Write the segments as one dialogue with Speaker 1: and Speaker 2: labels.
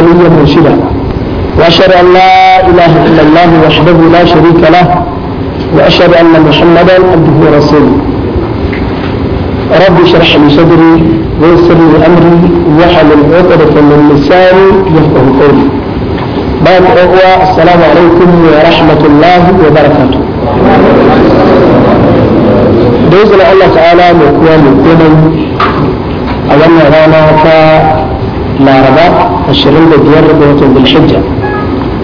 Speaker 1: وليا مرشدا وأشهد أن لا إله إلا الله وحده لا شريك له وأشهد أن محمدا عبده ورسوله رب اشرح لي صدري ويسر لي أمري وحل العقدة من لساني يفقه قولي بعد اقوى السلام عليكم ورحمة الله وبركاته بإذن الله تعالى مكوى مكوى a رانا laraba 25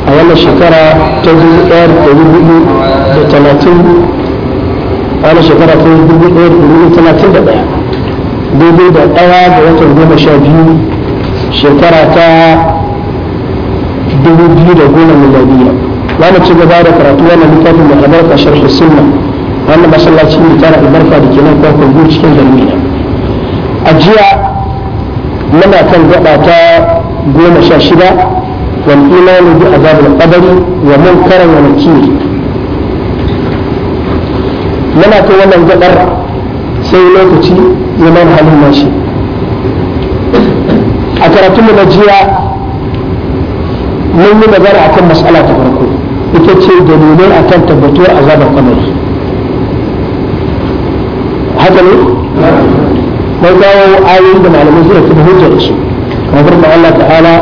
Speaker 1: a wannan ci gaba da karatu wannan masallaci a jiya muna kan gaba ta goma sha shida wal imanu bi azab al qabri wa munkaran wa nakir muna kan wannan gaɗar sai lokaci ya man halin nashi a karatun mu na jiya mun yi magana akan mas'ala ta farko ita ce dalilai akan tabbatuwar azabar haka ne لو كانوا آيات مع المزيد في الهجة كما الله تعالى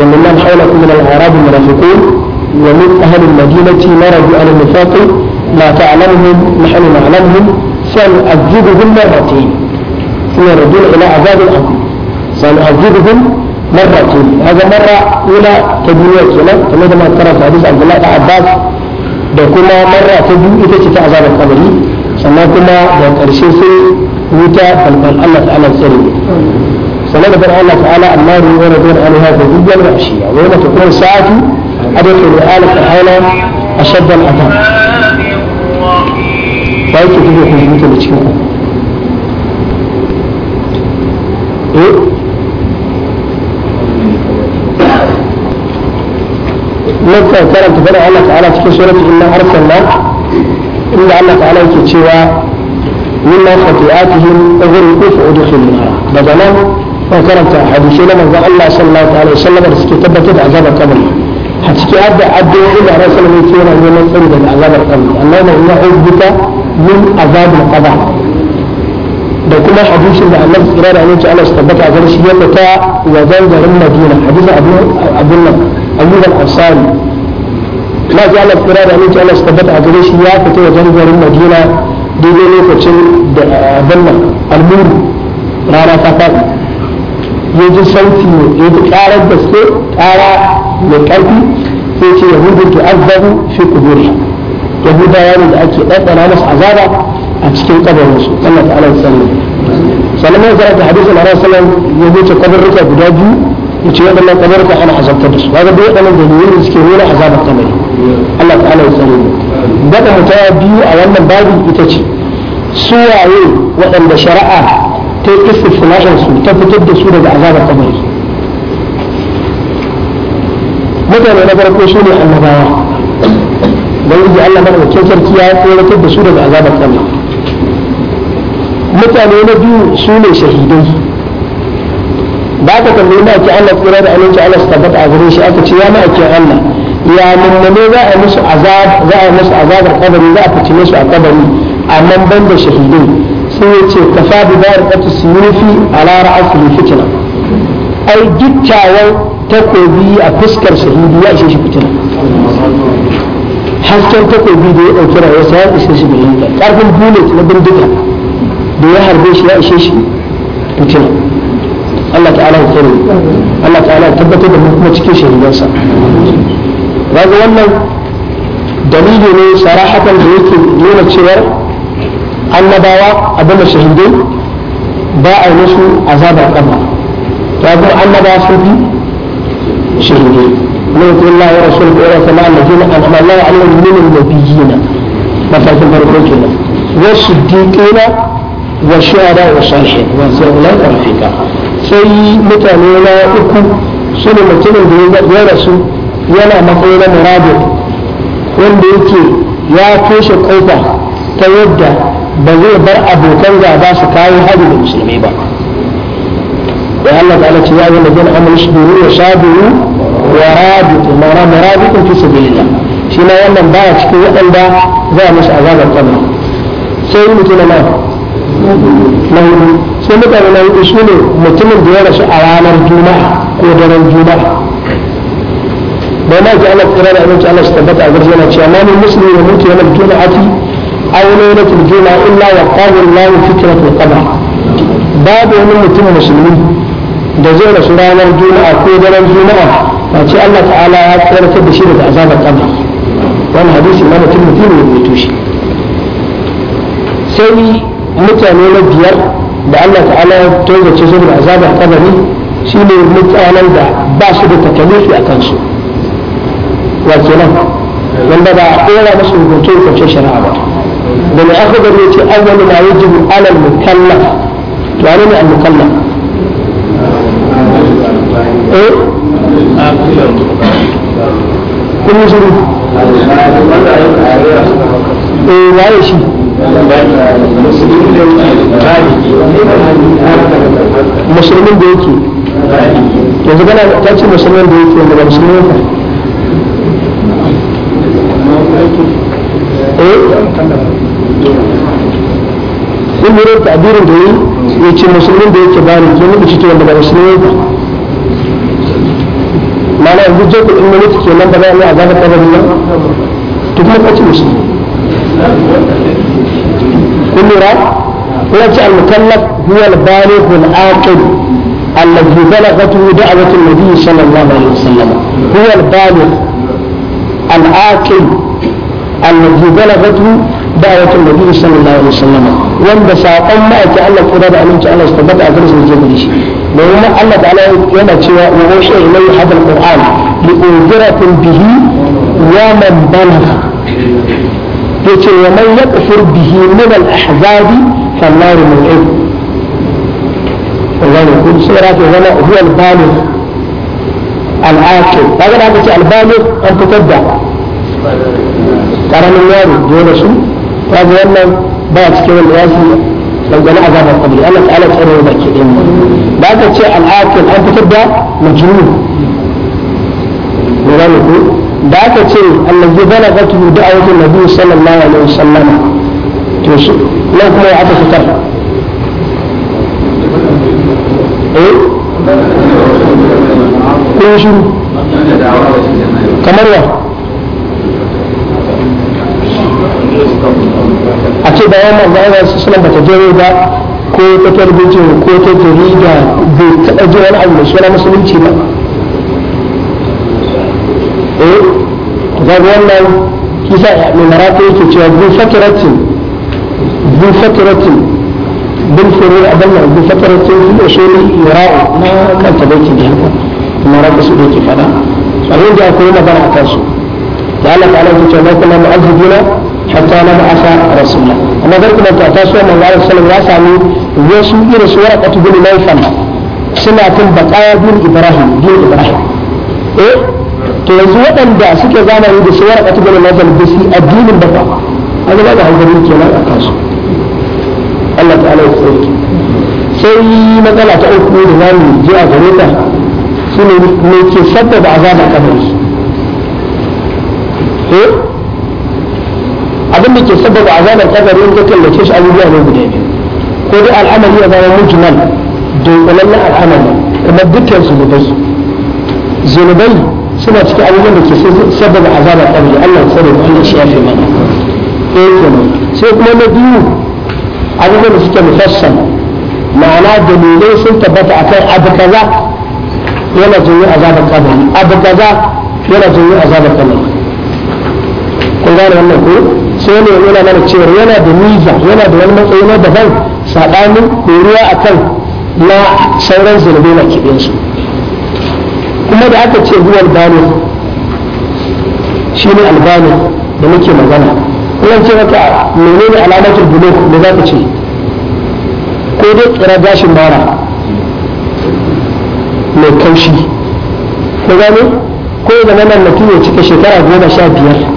Speaker 1: ومن حولكم من الأعراب المنافقون ومن أهل المدينة مرضوا على النفاق لا تعلمهم نحن نعلمهم سنعذبهم مرتين ثم يردون إلى عذاب الأرض سنعذبهم مرتين هذا مرة أولى تدوية كما كما ترى في حديث عبد الله عباس بكما مرة تدوية تتعذب القبري سنعذبهم مرتين وتا فلقد الله تعالى سري سلام بر الله تعالى النار ولا دون عليها بجد الوحشية وين تكون ساعتي عدت الرحالة تعالى أشد الأدم فايت تجي في جنة بشكل مكة كانت تبرع الله تعالى في سورة إلا أرسل الله إلا الله تعالى يتشوى مما خطيئاتهم اغرقوا فأدخلوا النار بدلا وكرمت حديثي لما الله صلى الله عليه وسلم رسكي تبتت عذاب قبري حتى أبدا عبده إلا رسول من كينا من الأرض عذاب القبر اللهم إنا أعوذ من عذاب القضاء da kuma hadisin da Allah tsira da annabi Allah tabbata a garshi ya fita wajen garin Madina hadisin Abu Abdul Ayyub al-Ansari Allah ya Allah tsira da annabi Allah tabbata a garshi ya fita wajen garin Madina daidai lokacin da abin nan almuru rana ta faɗi ya ji sauti ya ji ƙarar gaske ƙara mai ƙarfi sai ce yahudu ta azabu fi kuburi yahudawa ne da ake ɗaɗɗana musu azaba a cikin kabarinsu Allah ta'ala ya sani sannan mai zara da hadisin a rasulun ya wuce kabarruka guda biyu ya ce waɗannan kabarruka ana azabtar da su ba ga duk waɗannan dalilin da suke nuna azabar kamari Allah ta'ala ya sani daga ta biyu a wannan babin ita ce suwaye waɗanda shari'a ta yi su ta fitar da su daga azabar kabari mutane na farko su ne annabawa don yi Allah madaukakin sarki ya tsoratar da su daga azabar kabari mutane na biyu su ne shahidai ba ka tambayi ma'aikin Allah tsira da aminci Allah su tabbata a gare shi aka ce ya ma'aikin Allah ya mummune za a musu azab za a musu azabar kabari za a fitine su a kabari a amma ban da shahidai sai ya ce kafa bi bariqatu sinufi ala ra'sil fitna ai gittawan takobi a fuskar shahidi ya ishe shi fitina hasken takobi da ya ɗauki rayuwarsa ya ishe shi bilinka ƙarfin bullet na bindiga da ya harbe shi ya ishe shi fitina Allah ta'ala ya kare Allah ta'ala ya tabbatar da mu kuma cikin shahidansa wanda wannan dalili ne sharahatan da yake nuna cewa annabawa abin da shahidai ba a yi musu azabar kama ta zo annabawa sun fi shahidai من يطيع الله ورسوله ولا سماع الذين انعم الله عليهم من النبيين مثلا في كنا والصديقين والشهداء والصالحين وزير الله ترفيقا سي متى نولا اكو سنة متى نولا ورسول yana matsayi na muradin wanda yake ya toshe kofa ta yadda ba zai bar abokan gaba su kawo hari da musulmi ba da Allah ta'ala ce ya yi lajin amal shiduru wa shaduru wa rabitu mara murabitun fi sabilillah shi na wannan a cikin waɗanda za a musu azabar sai mutum na na sai mutane na hudu su ne mutumin da ya rasu a ranar juma'a ko daren juma'a بما جاء الله كرار أن جاء الله استبتع برجنا شامان المسلم يموت يوم الجمعة أو ليلة الجمعة إلا وقال الله فكرة القبر باب من متم مسلمين جزيرة سرعان الجمعة كودر الجمعة فأتي الله تعالى كرة بشيرة عذاب القبر وانا حديث إمام الترمذي يموتوش سيدي mutane na biyar da Allah ta'ala ya tozace su da azaba kabari shine mutanen da ba su da takalifi a kansu wa nan wanda ba a kora masu hukunce hukunce shari'a ba da mai aka gari ce awwalu ma yajibu alal to ne al mukallaf eh kun yi eh waye shi musulmin da yake yanzu gana ta ce musulmin da yake wanda ba musulmin ba sun yi ta'abirin da yi ya ce musulmin da yake bari domin da cikin wanda ba musulmi ba mana yanzu je ku inda mutu ke nan ba za a yi a zaɓar ƙabar nan to kuma kaci musulmi kun lura kuna ce al-mukallaf huwa al-baligh al-aqil الذي بلغته دعوة النبي صلى الله عليه وسلم هو البالغ العاقل الذي بلغته دعوة النبي صلى الله عليه وسلم وان ساقم ما أتى الله قرار أن أنت الله استبدأ أدرس الجبريش لأن الله تعالى يمتشوى ووشع إليه هذا القرآن لأنذرة به ومن بلغ يتي ومن يكفر به من الأحزاب فالنار من عبد والله يقول سيرات هنا هو البالغ العاقل هذا العاقل البالغ أن تتبع karamin yaro dole su kaga wannan ba cikin wanda ya fi dangane azabar kabri Allah ta'ala tsare wa baki ɗin da aka ce al'akil an fitar da majnun ne ne ko da aka ce allazi balagatu da'awatu nabi sallallahu alaihi wasallam to shi nan kuma ya aka fitar eh ko shi kamar ya a ce bayan manzo Allah sallallahu alaihi bata jere ba ko ta tarbice ko ta jarida bai taɓa ji wani abu da suna musulunci ba eh ga wannan kisa mai marata yake cewa bu fatiratin bin fatiratin bin furu a bannan bu fatiratin bu shiri yara'u na kanta da yake da kuma marata su da yake fada abin da akwai magana a kansu ya Allah ta'ala ke cewa kuma mu'azzibina حتى لم أسى رسول الله أما ذلك لن تأتاسوا من الله صلى الله عليه وسلم ويسوا إلى سورة أتبول الله فانا سنة البقايا دين إبراهيم دين إبراهيم إيه؟ تنزوا أن دع سكة زانا إلى سورة أتبول الله فانا بسي الدين البقاء هذا لا يحضر لك ولا أتاسوا الله تعالى يسألك سي مثلا تأكل لنا جاء غريبا سنة ميكي سبب عذاب قبره إيه؟ abin da ke a azabar kabari in ka kallace shi abubuwa ne guda biyu ko dai al'amari ya zama mujmal dunkulallen al'amari kamar dukkan zunubai zunubai suna cikin abubuwan da ke saboda azabar kabari Allah ya tsare Allah shi ya fi mana sai kuma na biyu abubuwan da suke mufassal ma'ana dalilai sun tabbata akan abu kaza yana janyo azabar kabari abu kaza yana janyo azabar kabari kun gane wannan ko sai ne yana mana cewa yana da niza yana da wani matsayi na daban saɓanin ɗoriya a kan na sauran zunubai na kiɗinsu kuma da aka ce zuwa bani shi ne albani da muke magana kuma ce maka menene alamatar bulo da za ka ce ko dai kira gashin bara mai kaushi ko gane ko da nan mutum ya cika shekara goma sha biyar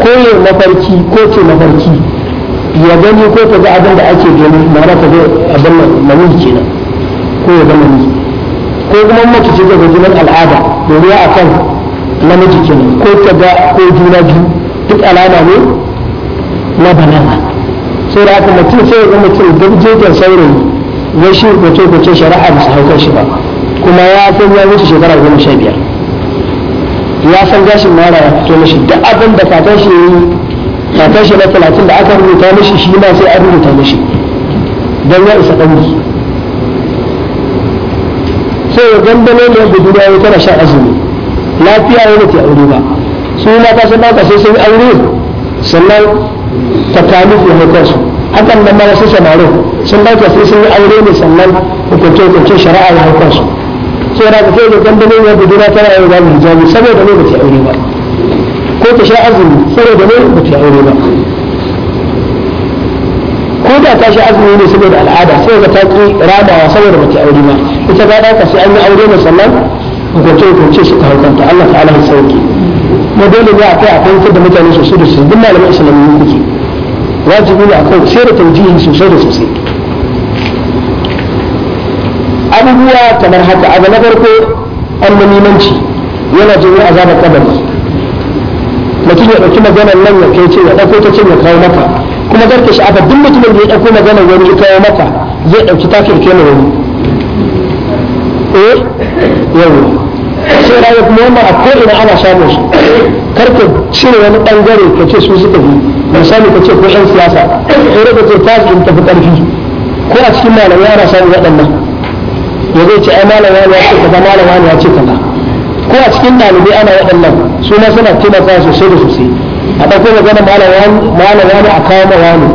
Speaker 1: ko ya mafarki ko ce mafarki ya gani ko ta ga abin da ake gani mara ta ga abin namiji nan ko ya zama namiji ko kuma mace ce ga jinin al'ada domin a kan namiji kenan ko ta ga ko juna biyu duk alama ne na banana sai da haka mutum sai ya zama cin duk jirgin saurayi ya shi kwace-kwace shari'a da su haukar shi ba kuma ya san ya wuce shekara goma sha biyar ya san gashin mara ya fito mishi duk abin da kakan shi kakan shi na talatin da aka rubuta mishi shi ma sai an rubuta mishi don ya isa ɗangi sai ya gandane ne budurwa ya tana shan azumi lafiya ya da ke aure ba su ma ta san ba sai sun yi aure sannan ta kanu ne kansu hakan nan ma wasu samarin sun dauka sai sun yi aure ne sannan hukunce-hukuncen shari'a ya hau saboda ka sai da dandamai ne budura tana yin babu hijabi saboda ne ba ta aure ba ko ta sha azumi saboda ne ba ta aure ba ko da ta sha azumi ne saboda al'ada sai ga ta ki radawa saboda ba ta aure ba ita ga da ka sai an yi aure ne sannan hukunce hukunce suka hukunta Allah ta'ala ya sauke na dole ne akai a kwantar da mutane sosai da sosai duk malaman islamiyyu kuke wajibi ne akai sai da taujihin sosai da sosai abubuwa kamar haka abu na farko annamimanci yana janyo azabar kabari mutum ya ɗauki maganar nan ya kai ce ya ɗauko ta ce ya kawo maka kuma shi sha'afa duk mutumin da ya ɗauko maganar wani ya kawo maka zai ɗauki takin kai wani eh yawo sai rayu kuma wannan a ko ina ana samun su karka cire wani ɓangare ka ce su suka fi misali ka ce ko 'yan siyasa ko da ka ce ta tafi ƙarfi ko a cikin malamai ana samun waɗannan ya zai ce ai malama ya ce kaza malama ya ce kaza ko a cikin ɗalibai ana waɗannan su ma suna taimaka sosai da sosai a ɗauko magana malama ne a kawo wani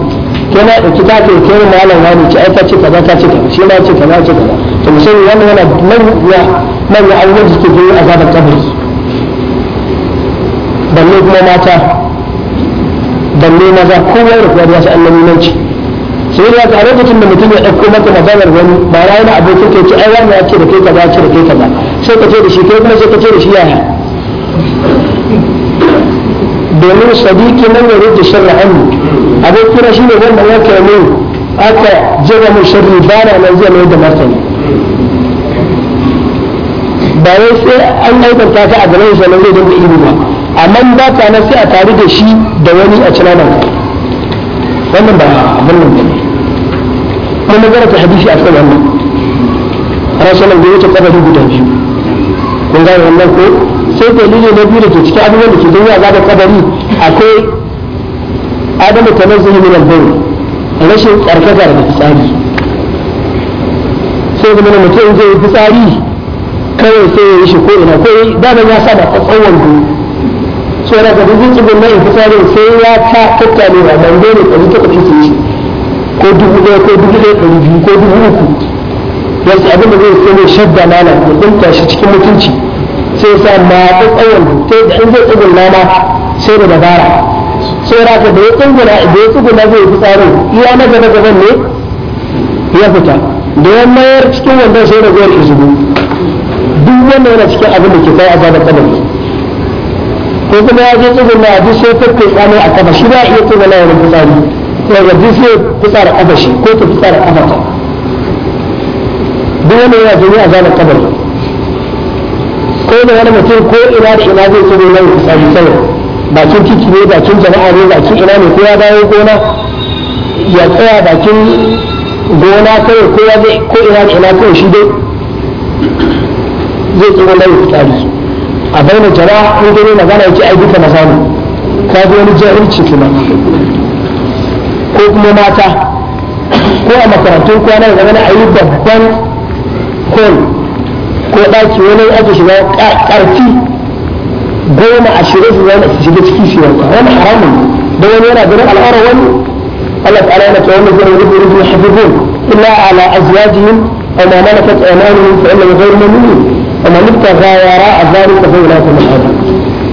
Speaker 1: ke na da ta ke kai malama ne ce ai ka ce kaza ka ce kaza shi ma ce kaza ce kaza to musamman wannan yana manya manya abubuwan da suke zuwa azabar kabari balle kuma mata balle maza kowa da kowa ya san annabi nan ce sai ya ga lokacin da mutum ya ɗauko maka maganar wani ba rayu na abokin ka ce ai wani ya ce da kai kaza ce da kai kaza sai ka ce da shi kai kuma sai ka ce da shi yaya domin sadiki nan ya rage sharri hannu abokina shi ne wannan ya kai aka jira mu sharri ba na nan zai mai da martani ba wai sai an aikata ta a gaban shi nan zai dinga ilimi ba amma ba ka na sai a tare da shi da wani a cinanan ka wannan ba abin nan kuma na karanta hadisi a kan wannan rasulun da yake kafa guda biyu kun gane wannan ko sai dalili na biyu da ke cikin abubuwan da ke don ya zaga kabari akwai adamu tanazzuhu min al bai rashin karkata daga fitsari sai kuma mutum zai yi fitsari kawai sai ya yi shi ko ina ko daman ya sa da tsawon duniya so yana ga duk tsibin nan fitsari sai ya ta tattalewa ban dole ɗari takwas su yi ko dubu ɗaya ko dubu ɗaya ko dubu uku wasu abin da zai sai shadda ya shi cikin mutunci sai sa ma ta tsawon ta zai tsugun nama sai da dabara sai raka da ya da ya zai fi tsarin iya na gaba gaban ne ya fita da ya mayar cikin wandon sai da zai duk yana cikin abin da ke kai ko kuma ya je tsuguna a duk sai ta kai a kafa shi ba iya tsuguna ya rubuta ne waje sai fitsar kafa ko ta fitsar kafa duk wanda yana jini a zanen kabari ko da wani mutum ko ina da ina zai tsoro nan fitsari sama bakin titi ne bakin jama'a ne bakin ina ne ko ya dawo gona ya tsaya bakin gona kawai ko ya zai ko ina da ina kawai shi dai zai tsoro nan fitsari a bayyana jama'a in gani magana ya ai duka na samu ka ji wani jahilci kuma ko kuma mata ko a makarantun kwana da zama a yi babban hall ko ɗaki wani ake shiga ƙarfi goma ashirin su zama su shiga ciki shi wani haramun da wani yana ganin al'aura wani Allah ta'ala yana tsawon da zai rubu rubu hafifun illa ala azwajihim aw ma malakat aymanuhum fa innahu ghayru mamnun wa man ibtagha wara'a dhalika fa ulaka al-'adab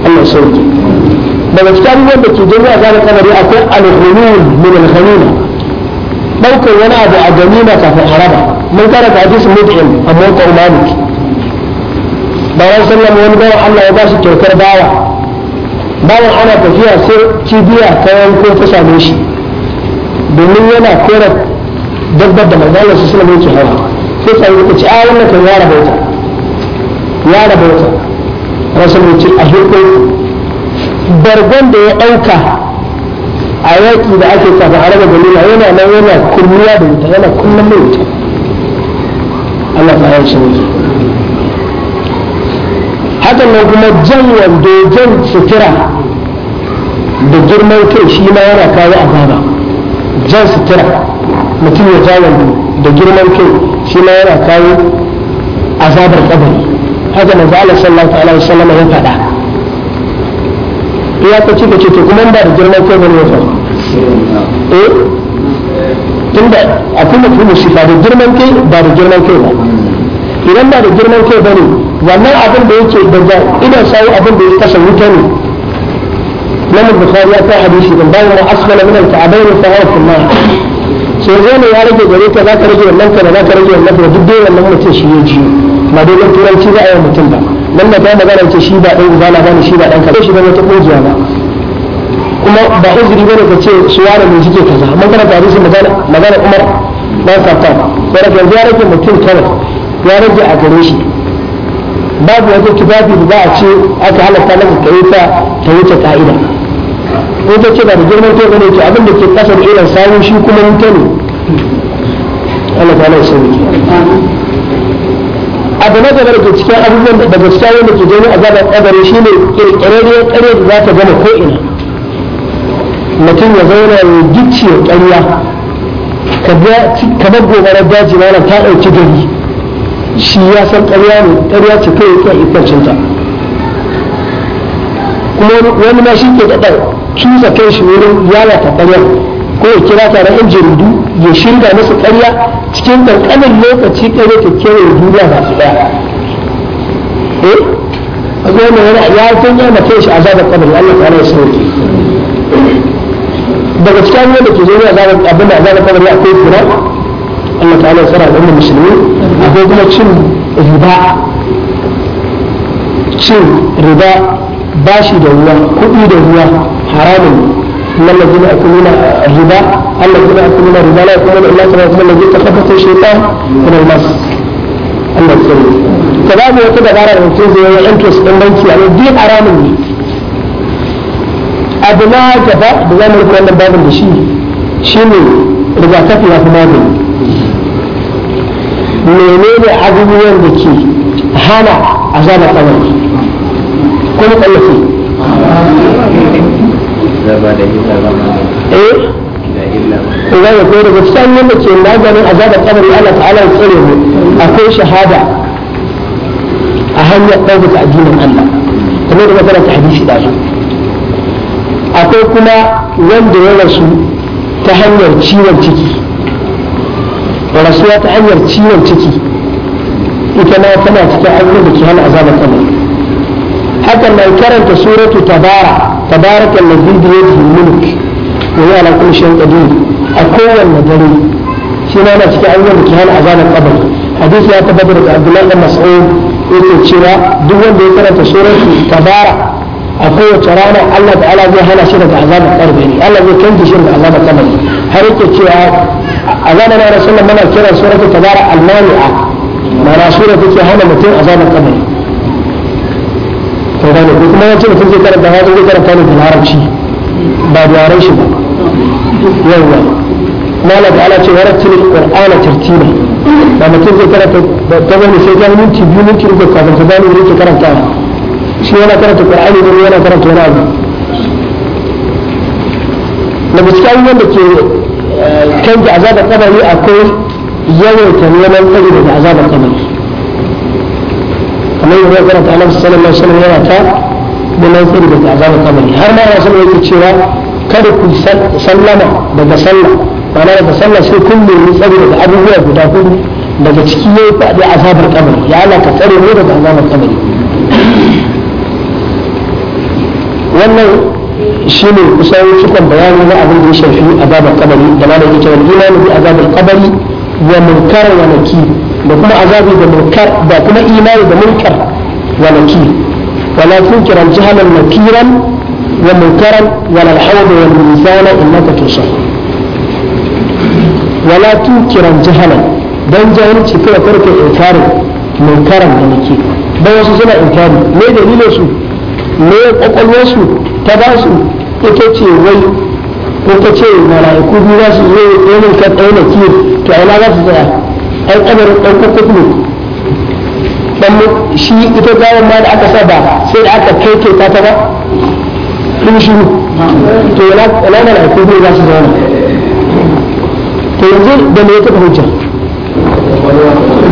Speaker 1: Allah sauki daga cikin abubuwan da ke janyo azabar kabari akwai al-ghulul min al-ghanima daukar wani abu a ganima kafin araba mun karanta hadisin mut'im amma ko malik bayan sallam wani bawa Allah ya ba shi kyautar bawa bawan ana tafiya sai kibiya ta yanko ta same shi domin yana kora dabbar da manzalar su suna yake hawa sai sai ya ce a wannan kan ya rabauta ya rabauta rasul ya ce a hirko bargon da ya ɗauka a yaƙi da ake kafa a raba dalila yana nan yana kulluwa da wuta yana kullum mai wuta Allah ta yi shi Haka nan kuma jan wando jan sutura da girman kai shi ma yana kawo gaba jan sutura mutum ya ja wando da girman kai shi ma yana kawo azabar kabari haka manzo Allah sallallahu alaihi wasallam ya faɗa ya ta ci da ce to kuma ba da girman kai bane wata eh tunda kuma kuma shi ba da girman kai ba da girman kai ba idan ba da girman kai bane wannan abin da yake daga idan sai abin da ya kasa wuta ne nan bukhari ya ta hadisi dan bayan ma asfala min al a fa huwa fi an sai zai ya rage gare ka za ka rage wannan ka za ka rage wannan ka duk dai wannan mutum shi ya ji ba dole turanci za a yi mutum ba dan da ba magana ce shi ba dan izala bane shi ba dan kaza shi ba wata kungiya ba kuma ba uzuri ka ce su ware ne suke kaza Mun kana tare su magana magana Umar dan Khattab sai da ya rage mutum kawai ya rage a gare shi babu wata kitabi da za a ce aka halatta na ta ta wuce ka'ida ko ta ce ba da girman kai ne ce abin da ke kasar irin samu shi kuma mutane Allah ta Allah
Speaker 2: ya
Speaker 1: abu na gaba da ke cikin abubuwan da daga cikin wanda ke gani azabar kabari shine kirkirarriyar kare da za ta gama ko'ina mutum ya zauna ya gicciye ƙarya kamar gobarar daji na ta ɗauki gari shi ya san ƙarya ne ƙarya ce kai ya ta kuma wani ma shi ke daɗa cusa kai shi wurin yalata ƙarya ko ya kira taron yan jaridu ya shirga musu karya cikin kankanin lokaci ɗaya ta kewaye duniya ba su ɗaya eh a zo ne ya san ya mace shi a azabar kabari Allah ta ya sauke daga cikin wanda da ke zo ne azabar abin da azabar kabari akwai kura Allah ta ya tsara ga musulmi akwai kuma cin riba cin riba bashi da ruwa kuɗi da ruwa haramun lallazina akuluna riba Allah kuma a kuma da zalala kuma da Allah ta rasu da zai tafafa sai shaitan kuma da masu Allah ta rasu ta ba mu wata dabara da mutum zai yi yanto su ɗan banki a yau duk haramun ne abu na gaba da za mu rufe wannan babin da shi shi ne rigakafi na kuma da mene ne abubuwan da ke hana a zama kamar kuma tsallafi Eh, إلا يقول بفتان يمت إلا أن أزاد قبر الله تعالى يقوله أكون شهادة أهم يقوم تعجيل من الله تمر مثلا تحديث داخل أقول كما وند ورسو تهنر تشيو التكي ورسوات عمر تشيو التكي إكما فما تتعلم بكهان أزاد قبر حتى ما كرمت سورة تبارك تبارك الذي بيده الملك وهي على كل شيء قدير أكون مدني شنا أنا في أول كهان أذان القبر حديث يا تبدر عبد الله بن مسعود يقول شنا دون بيكرة سورة كبارة أقوى ترانا الله تعالى زي هنا شدة عذاب القبر يعني الله زي كنت شدة عذاب القبر حريك شنا أذان أنا رسول الله منا كرة سورة كبارة المانعة معناها سورة كهان متين عذاب القبر to gane ko kuma yace mutum zai karanta ya zai karanta ne da larabci yawa malam ala ce wa rattilil qur'ana tartila ba mutum zai karanta ta bane sai ga minti biyu minti uku kafin ka gane yake karanta shi yana karanta qur'ani ne yana karanta wani abu daga cikin abubuwan da ke canza azabar kabari akwai yawaita neman tsari daga azabar kabari kamar yadda karanta alaihi sallallahu alaihi wasallam yana ta neman tsari daga azabar kabari har ma ya sanar yake cewa kada ku sallama daga sallah ma'ana daga sallah sai kun nemi tsaro daga abubuwa guda hudu daga ciki ne ku azabar kabari ya Allah ka tsare mu daga azabar kabari wannan shi ne kusan cikon bayani na abin da ya shafi azabar kabari da ma da yake cewa imani bi azabar kabari wa munkar wa naki da kuma azabi da munkar da kuma imani da munkar wa naki wala tunkira jahalan nakiran ومنكرا ولا الحوض والميزان إنك تنصح ولا تنكرا جهلا دان جاهل تكرا كرك إنكار منكرا منكي dan wasu suna inkari me dalilin su me kwakwalwar su ta ba su ita ce wai ko ta ce mala'iku biyu za su zo yanin kan ɗaya na kiyo to a ina za su tsaya ɗan ɗan shi ita gawar ma da aka saba sai da aka kai ta ba sun shi
Speaker 2: ne
Speaker 1: to yana yana mala'iku ne za su zauna to yanzu da me yake hujja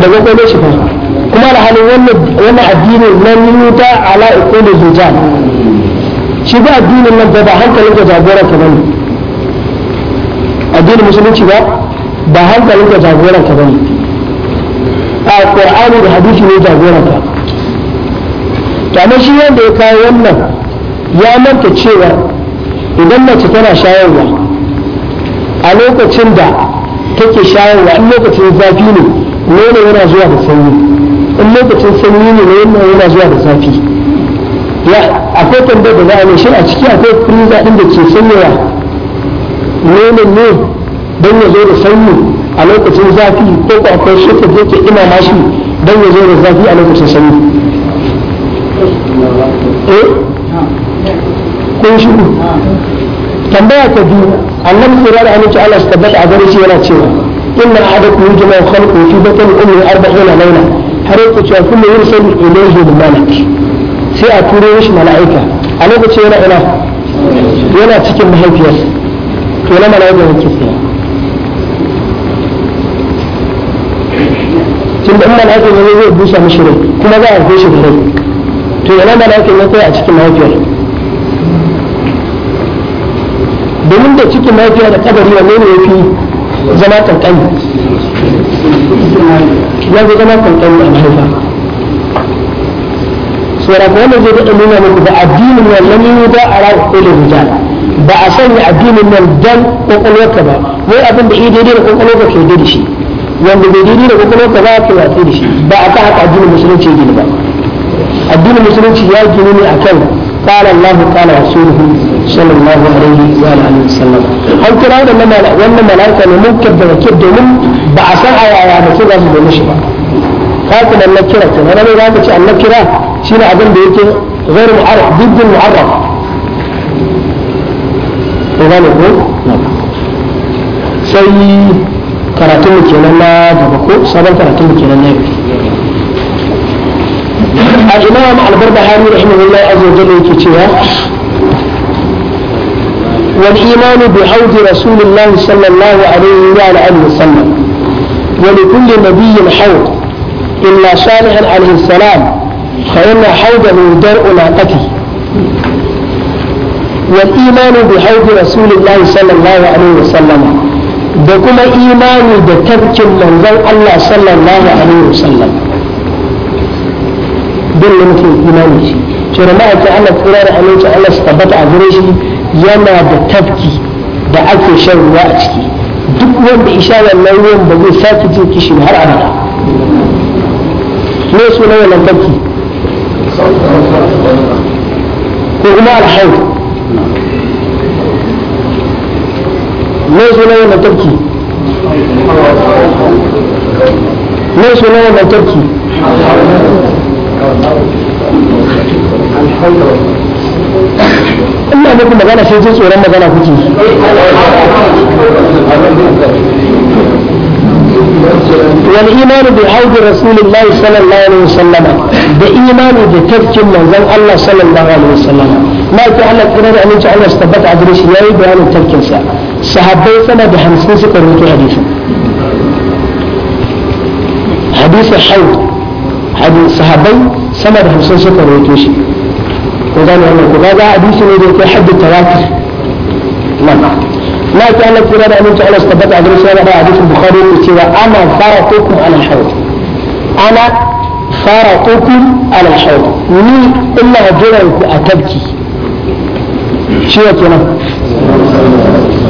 Speaker 1: da gwagwalo shi fa kuma da halin wannan addinin nan yuta ala ikulu zujal shi ba addinin nan ba hankalin ka jagoran ka bane addinin musulunci ba ba hankalin ka jagoran ka bane a qur'ani da hadisi ne jagoran ka to amma shi wanda ya kawo wannan ya manta cewa idan mace tana shayarwa a lokacin da take shayarwa in lokacin zafi ne nono yana zuwa da sanyi in lokacin sanyi ne nono yana zuwa da zafi ya akwai tambayar da za a shi a ciki akwai freezer din da ke sanyawa nonon ne don ya zo da sanyi a lokacin zafi ko ko akwai shuka da ke ina mashi don ya zo da zafi a lokacin sanyi eh? shi ku tambaya ta biyu annabi sura da aminci Allah su tabbata a gare shi yana cewa inna adaku yujma khalqu fi batni ummi 40 layla har yake cewa kullu yursalu ilayhi malak sai a turo shi mala'ika a lokacin yana ina yana cikin mahaifiyarsa to na mala'ika yake tsaya tun da mala'ika ne zai busa mishi rai kuma za a rufe shi da rai to yana mala'ika ne tsaya a cikin mahaifiyarsa domin da cikin lafiya da kabari wanne ne yafi zama kankani ya fi zama kankani a mahaifa tsora ko wanda zai daɗa nuna muku da addinin nan na nuna ba a ra'a da rijal ba a sanya addinin nan dan kwakwalwarka ba wai abin da iya daidai da kwakwalwarka ke da shi wanda bai daidai da kwakwalwarka ba ke watsi da shi ba a ta haka addinin musulunci gini ba addinin musulunci ya gini ne akan قال الله قال رسوله صلى الله عليه وآله وسلم an kira da wannan mala'ika ne munkar da wakil domin ba a san a yaya mutum za su domin shi ba haka nan na kira kenan ranar za ka ce an na kira shine abin da yake غير معرف ضد المعرف وغالب sai karatun mu kenan na gaba ko sabon karatun mu kenan na yau a imam albarbahari rahimahullah azza wa jalla yake cewa والإيمان بحوض رسول الله صلى الله عليه وعلى آله وسلم ولكل نبي حوض إلا صالح عليه السلام فإن حوضه درء ناقته والإيمان بحوض رسول الله صلى الله عليه وسلم بكل إيمان بترك من الله صلى الله عليه وسلم دل نتي إيمانك شرماك على القرآن عليك على استبطع قريشي yana da tafki da ake shan ruwa a
Speaker 2: ciki duk wanda isha wannan ruwan ba zai sake
Speaker 1: jin kishi har abada me suna wannan tafki ko kuma alhaif me suna wannan tafki me suna wannan tafki alhaif ina muku magana sai jin tsoron magana kuke wal imanu da haudi rasulillahi sallallahu alaihi wasallam da imani da tafkin manzon Allah sallallahu alaihi wasallam ma ki Allah kira da aminci Allah su tabbata a gare shi yayi bayanin tafkin sa sahabbai sama da 50 suka rawaito hadisin hadisin haud hadis sahabbai sama da 50 suka rawaito shi وقال أنه هذا حديث من ذلك حد التواتر لا لا كان لك هذا أن أنت على استبدت عبد الرسول هذا حديث البخاري يقول أنا فرطكم على الحوض أنا فرطكم على الحوض ني إلا جرعك أتبكي شو كنا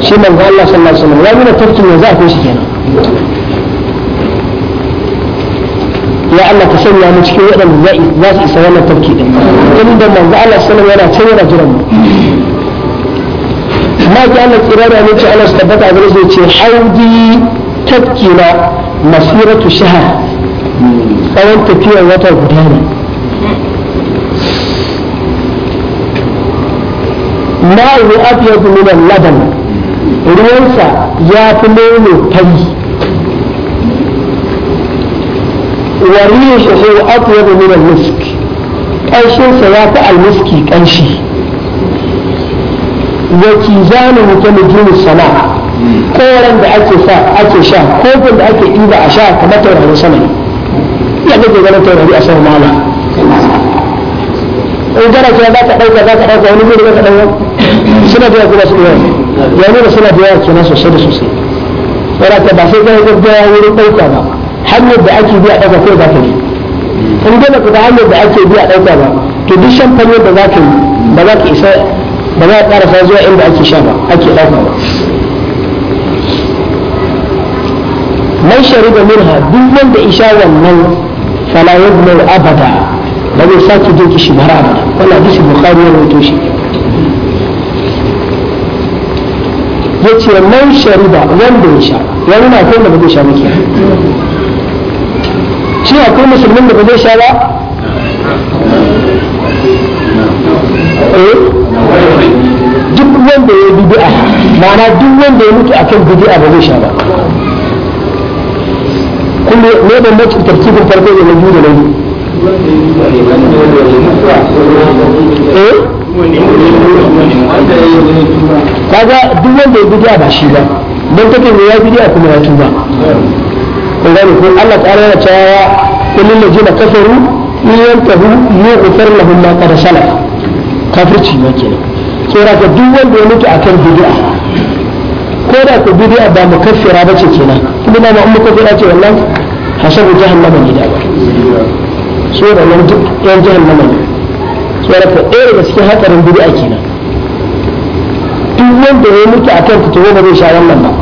Speaker 1: شو من الله صلى الله عليه وسلم لا من تبكي من ذلك وش كنا ya Allah ka sanya mu cikin waɗanda za su isa wannan tafki din inda manzo Allah sallallahu yana can yana jiran mu ma ga Allah kirara ne ce Allah tabbata a gare ce haudi na masiratu shahar tsawon tafiyar wata guda ne ma'u abiyadu min al-laban ruwansa ya fi nono fari وريشه اطيب من المسك قيشن سياتا المسكي قيشي وكي زان متم الجن السماء كورن دا اكي سا اكي شا كوكن دا اكي ايبا اشا كمتر على السماء يعني دا جانا تورا بي اصلا مالا وجرى كي ذاك ذاك ذاك ذاك ذاك ذاك ذاك ذاك سنة ديار كلا سنة ديار يعني سنة ديار كناسو سنة سنة ولكن بسيطة يقول ديار ويقول ديار hanyar da ake biya ɗauka kai za ka yi in dai baka ga hanyar da ake biya ɗauka ba to duk shan fanyar da za ka yi ba za ka isa ba za ka ƙarasa zuwa inda ake sha ba ake ɗauka ba man shariba minha duk wanda isha wannan fala yadmau abada ba zai sake jin kishi bara abada wannan hadisi bukhari ya rawaito shi yace man shariba wanda ya sha wani na kai da ba zai sha ba kenan shi akwai musulmin da ba zai sha ba eh? duk wanda ya bi bi'a ma'ana duk wanda ya mutu akan bid'a ba zai sha ba kuma ne da mutu tartibin farko da biyu da biyu eh? kaga duk wanda ya bi bi'a ba shi ba dan take ne ya bi bi'a kuma ya tuba kun gane ko Allah ta'ala yana cewa kullun ladina kafaru in yantahu yughfar lahum ma qad salaf kafirci ne kenan saboda ka duk wanda ya mutu akan bid'a ko da ku bid'a ba mukaffira bace kenan kuma ba mu mukaffira ce wannan hasabu jahannama ne da saboda nan duk yan jahannama ne saboda ka ɗaya daga cikin hatsarin bid'a kenan duk wanda ya mutu akan ta to ba zai sha wannan ba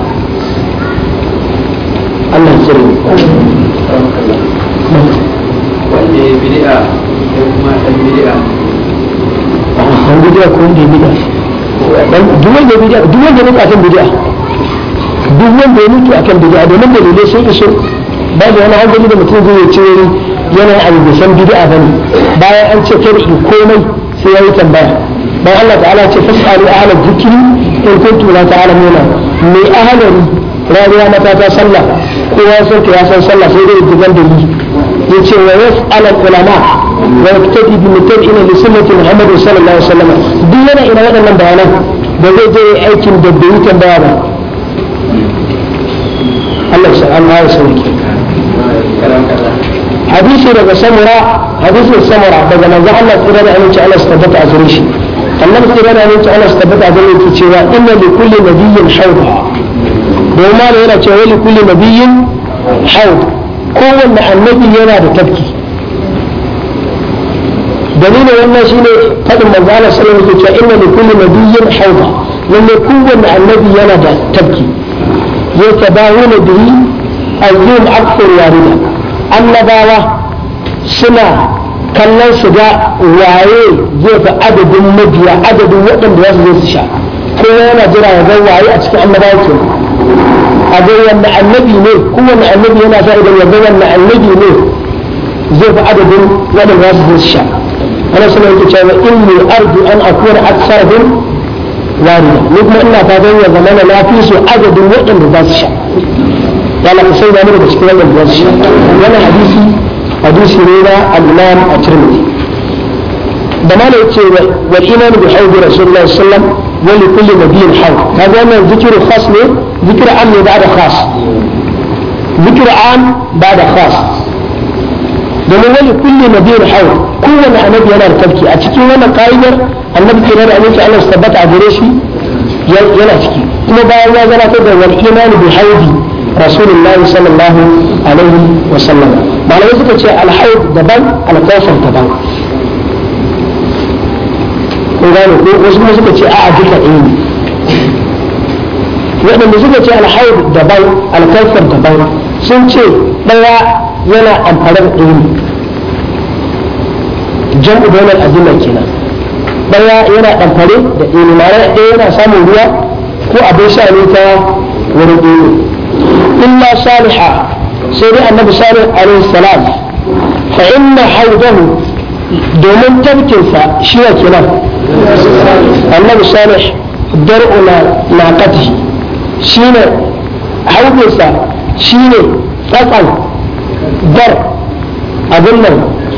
Speaker 1: bid'a dan ko wanda ya duk wanda ya duk wanda ya mutu akan bidiya duk wanda ya mutu akan domin sun iso ba da wani hankali da mutum zai ce yana albisan bid'a bane bayan an ce kai komai sai ya yi tambaya bayan Allah ta'ala ce fas'alu ala dhikri in kuntum la ta'lamuna me ahlan rariya mata ta sallah kowa ya san ya san sallah sai dai gidan da ni yace wa yas'al ulama ويقتدي بمتبعين لسنة محمد صلى الله عليه وسلم دينا إلى هذا من بعنا بذي جاي أيكم دبيت بعنا الله سبحانه الله يسلمك حديث رجع سمرة حديث السمرة بدل ما زعل الله كرر أن تعالى استبدع قال الله كرر أن تعالى استبدع زريشي إن لكل نبي حوضا دوما لنا تقول لكل نبي حوض kowanne annabi النبي da بتبكي dalilin wannan shine fadin manzo Allah sallallahu alaihi wasallam inna li kulli nabiyyin hawda lalle kowanne annabi yana da tabki yatabawuna bihi ayyum akthar warida annabawa suna kallon su ga waye zai fi adadin mabiya adadin waɗanda za su zo su sha kowa yana jira ya ga waye a cikin annabawa kenan a ga wanda annabi ne kowane annabi yana sa idan ya ga wanda annabi ne zai fi adadin waɗanda za su zo su sha ana suna yake cewa inni arju an akuna aksarhum wariya ni kuma ina fatan ya zama na lafi su adadin waɗanda za su sha ya la kasai da daga cikin wannan da sha wannan hadisi hadisi ne na al-imam at-tirmidhi da mana yace wal iman bi hawdi rasulullah sallallahu alaihi wasallam wa li kulli nabiyyin hawl kaga wannan zikru khas ne zikru am ne ba'da khas zikru am ba'da khas domin wani na nabiyar hawa kowane annabi yana da tafki a cikin wannan ka'idar annabi ke da aminci Allah su tabbata a gare shi yana ciki kuma bayan ya gabatar da wal iman bi haidi rasulullahi sallallahu alaihi wa sallam malamai suka ce al haid daban al kafir daban ko gane ko wasu kuma suka ce a'a duka ɗaya ne waɗanda suka ce alhaif daban alkafar daban sun ce ɗaya yana amfani da ɗori jam'u dole azima kenan ɗaya yana amfani da ɗori ma'ana ɗaya yana samun ruwa ko abin sha ne ta wani ɗori illa saliha sai dai annabi salih alaihi salam fa inna haudahu domin tabkinsa shi wa kenan annabi salih dar'u na naqati shine haudinsa shine tsatsan در أظن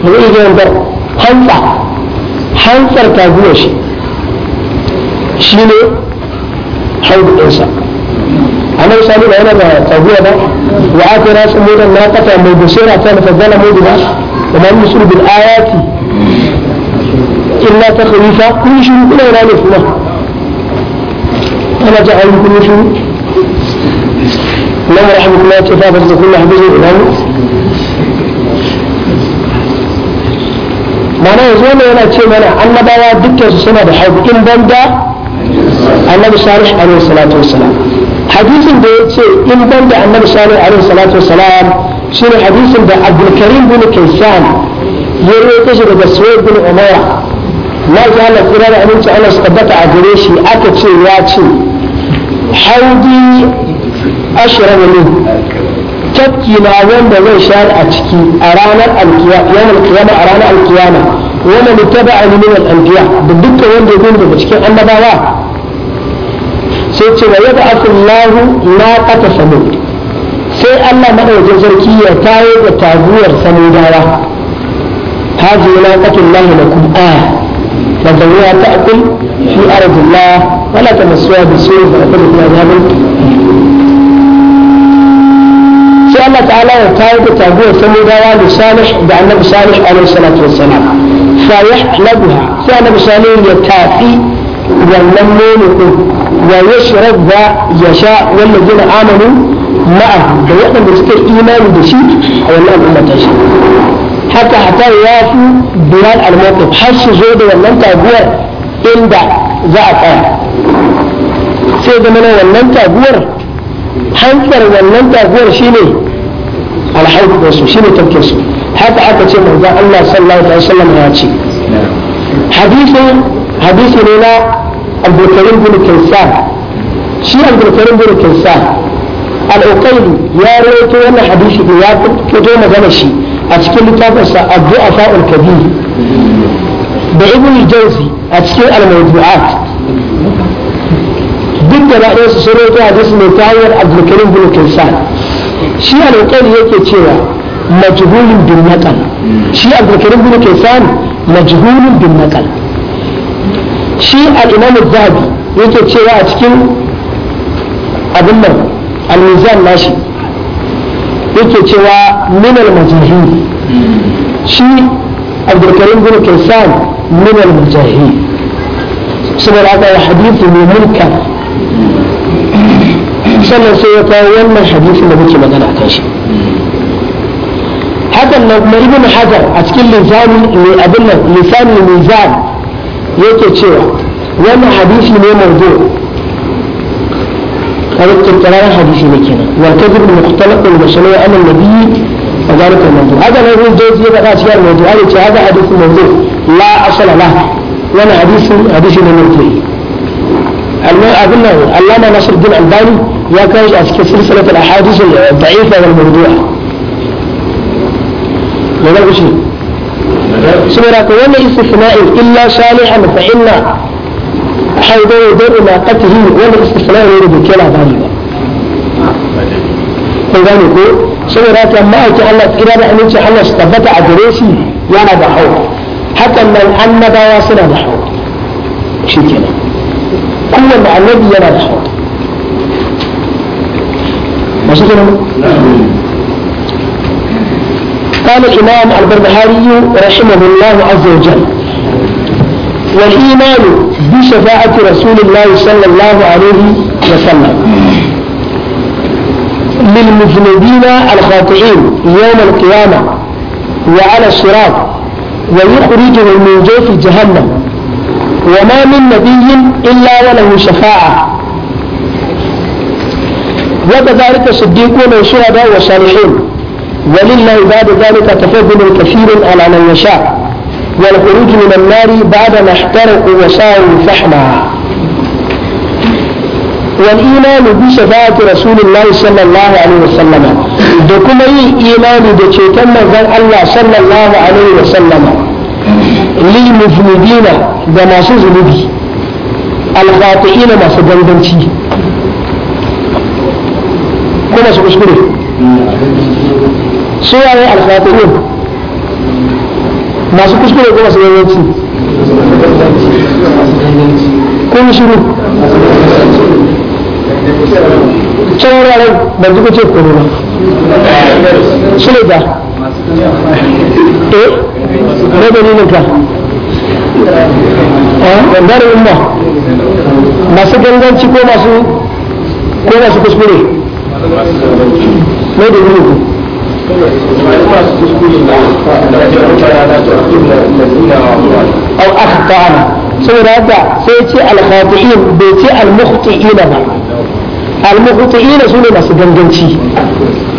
Speaker 1: رؤية جوان در خنصة خنصة كابوة شيء شيني حوض الإنسان أنا أسألي لأنا ما كابوة ده وعاتي ناس أمورا ما قطع مبسيرا كان فضل مودنا وما نسل بالآيات إلا تخويفا كل شيء كل هنا نفنا أنا جعل كل شيء لما رحمة الله تفاضل كل حبيبي إلهي mana yanzu wannan yana ce mana annabawa dukkan su suna da haihu in banda annabi salih alaihi salatu wassalam hadisin da ya ce in banda annabi salih alaihi salatu wassalam shine hadisin da abdulkarim bin kaysan ya roƙe shi daga suwaid bin umara na ji Allah kira da aminci Allah su tabbata a gare shi aka ce ya ce haudi ashrabu min tafki na wanda zai share a ciki a ranar alkiyama a ranar alkiyama wanda ne ta ba'a min al da duka wanda ya daga cikin annabawa sai ce wa Lahu na naqata samud sai Allah madaukakin sarki ya tayo da taguwar samudawa hadhihi naqatu Allahi lakum aya فضلوها ta في أرض الله ولا تمسوها بسوء فأخذ فيها sai Allah ta'ala ya kawo da taguwar samudawa da salih da annabi salih alaihi salatu wassalam fa yahlabuha sai annabi salih ya tafi wannan nono din wa yashrabha yasha wallazina amanu ma'ahu da waɗanda suka imani da shi a wannan al'umma ta shi haka hata ya fi bilal al-mawqif har su zo da wannan taguwar inda za a tsaya sai da mana wannan taguwar hantsar wannan taguwar shine على حيث قوسه شنو تنكسه حتى حتى تنه ذا الله صلى الله عليه وسلم راتي حديثا حديث لنا عبد الكريم بن كيسان شي عبد الكريم بن كيسان الأقيلي يا ريت ولا حديث يا كتو ما غنشي اشكي كتاب الضعفاء الكبير بابن الجوزي اشكي الموضوعات ضد رئيس سنوات حديث من عبد الكريم بن كيسان shi alƙali yake cewa majhulun bin naqal shi abdulkarim bin kaysan majhulun bin naqal shi al-imam az-zahabi yake cewa a cikin abin nan al-mizan nashi yake cewa min al-majahil shi abdulkarim bin kaysan min al-majahil saboda haka hadithu ne mulkan sannan sai ya kawo wannan hadisin da muke magana a kan shi hakan nan kuma ibn hajar a cikin lisani mai abin nan lisani mizan هذا التكرار حديث مكينا والكذب المختلق المشروع أن النبي وذلك الموضوع هذا لا يقول جوز يبقى الموضوع هذا حديث موضوع لا أصل له وأنا حديث حديث من الموضوع أقول له علامة نصر الدين الباني وكان في سلسلة الأحاديث الضعيفة والموضوعة لذلك شيء سمراك وما استثناء إلا صالحا فإن حيث يدور ما قتله ولا استثناء يريد بكلا ذلك فذلك سمراك ما أتى الله إلا أن أنت الله استبتع دريسي يانا حتى لو أن الأنبا واصلنا بحوك شكرا كل ما الذي يانا بحوك ماشي كده قال الإمام البربهاري رحمه الله عز وجل والإيمان بشفاعة رسول الله صلى الله عليه وسلم للمذنبين الخاطئين يوم القيامة وعلى الصراط ويخرجهم من جوف جهنم وما من نبي إلا وله شفاعة وكذلك الصديقون والشهداء والصالحين ولله بعد ذلك تفضل كثير على من يشاء والخروج من النار بعد ما احترقوا وساووا فحما والإيمان بشفاعة رسول الله صلى الله عليه وسلم دكما إيمان بشيطان من الله صلى الله عليه وسلم للمذنبين دماسو ذنوبي الخاطئين ما سجنبنتي akwai masu kuskure su yare alfatirun masu kuskure ko masu yawanci kun shiru can wuraren ban duka kuce kuma ba su ne da eh da dalilin ka gangarin eh? umma masu ganganci ko ko masu kuskure ما بيقولوا أو أخطأنا سورة دا سيتي الخاطئين بيتي المخطئين ما المخطئين سنة ناس دنجنشي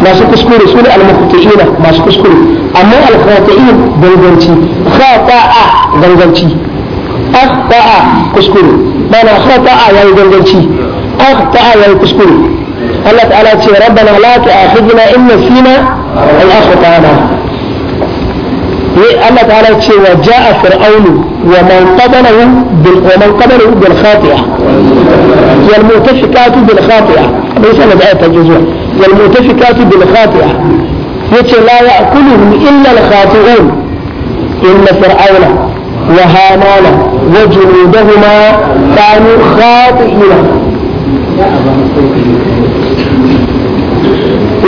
Speaker 1: ناس كسكوري سورة المخطئين ناس كسكوري أما الخاطئين دنجنشي خطأ دنجنشي أخطأ كسكوري بنا خطأ يعني دنجنشي أخطأ يعني كسكوري الله تعالى يقول ربنا لا تؤاخذنا إن نسينا أو أخطأنا إيه، الله تعالى يقول وجاء فرعون ومن قبله ومن قبله بالخاطئة والمؤتفكات بالخاطئة ليس بآية الجزء والمؤتفكات بالخاطئة يقول لا يأكلهم إلا الخاطئون إن فرعون وهامان وجنودهما كانوا خاطئين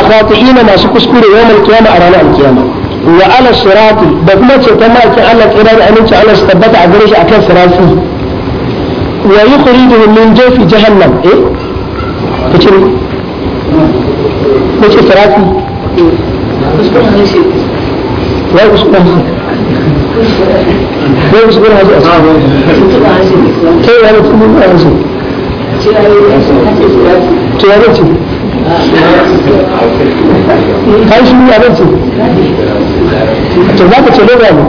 Speaker 1: الخاطئين ما سكسكور يوم القيامة أرانا القيامة وعلى الصراط بكما تتمع تعالى الإرادة أن على استبدع عبريش أكل صراطي ويخرجه من جوف جهنم إيه؟ كتير كتير صراطي لا يسكنها لا يسكنها كيف هذا يعني تقول هذا؟ تيارتي kai shi ya bace to za ka ce lura ne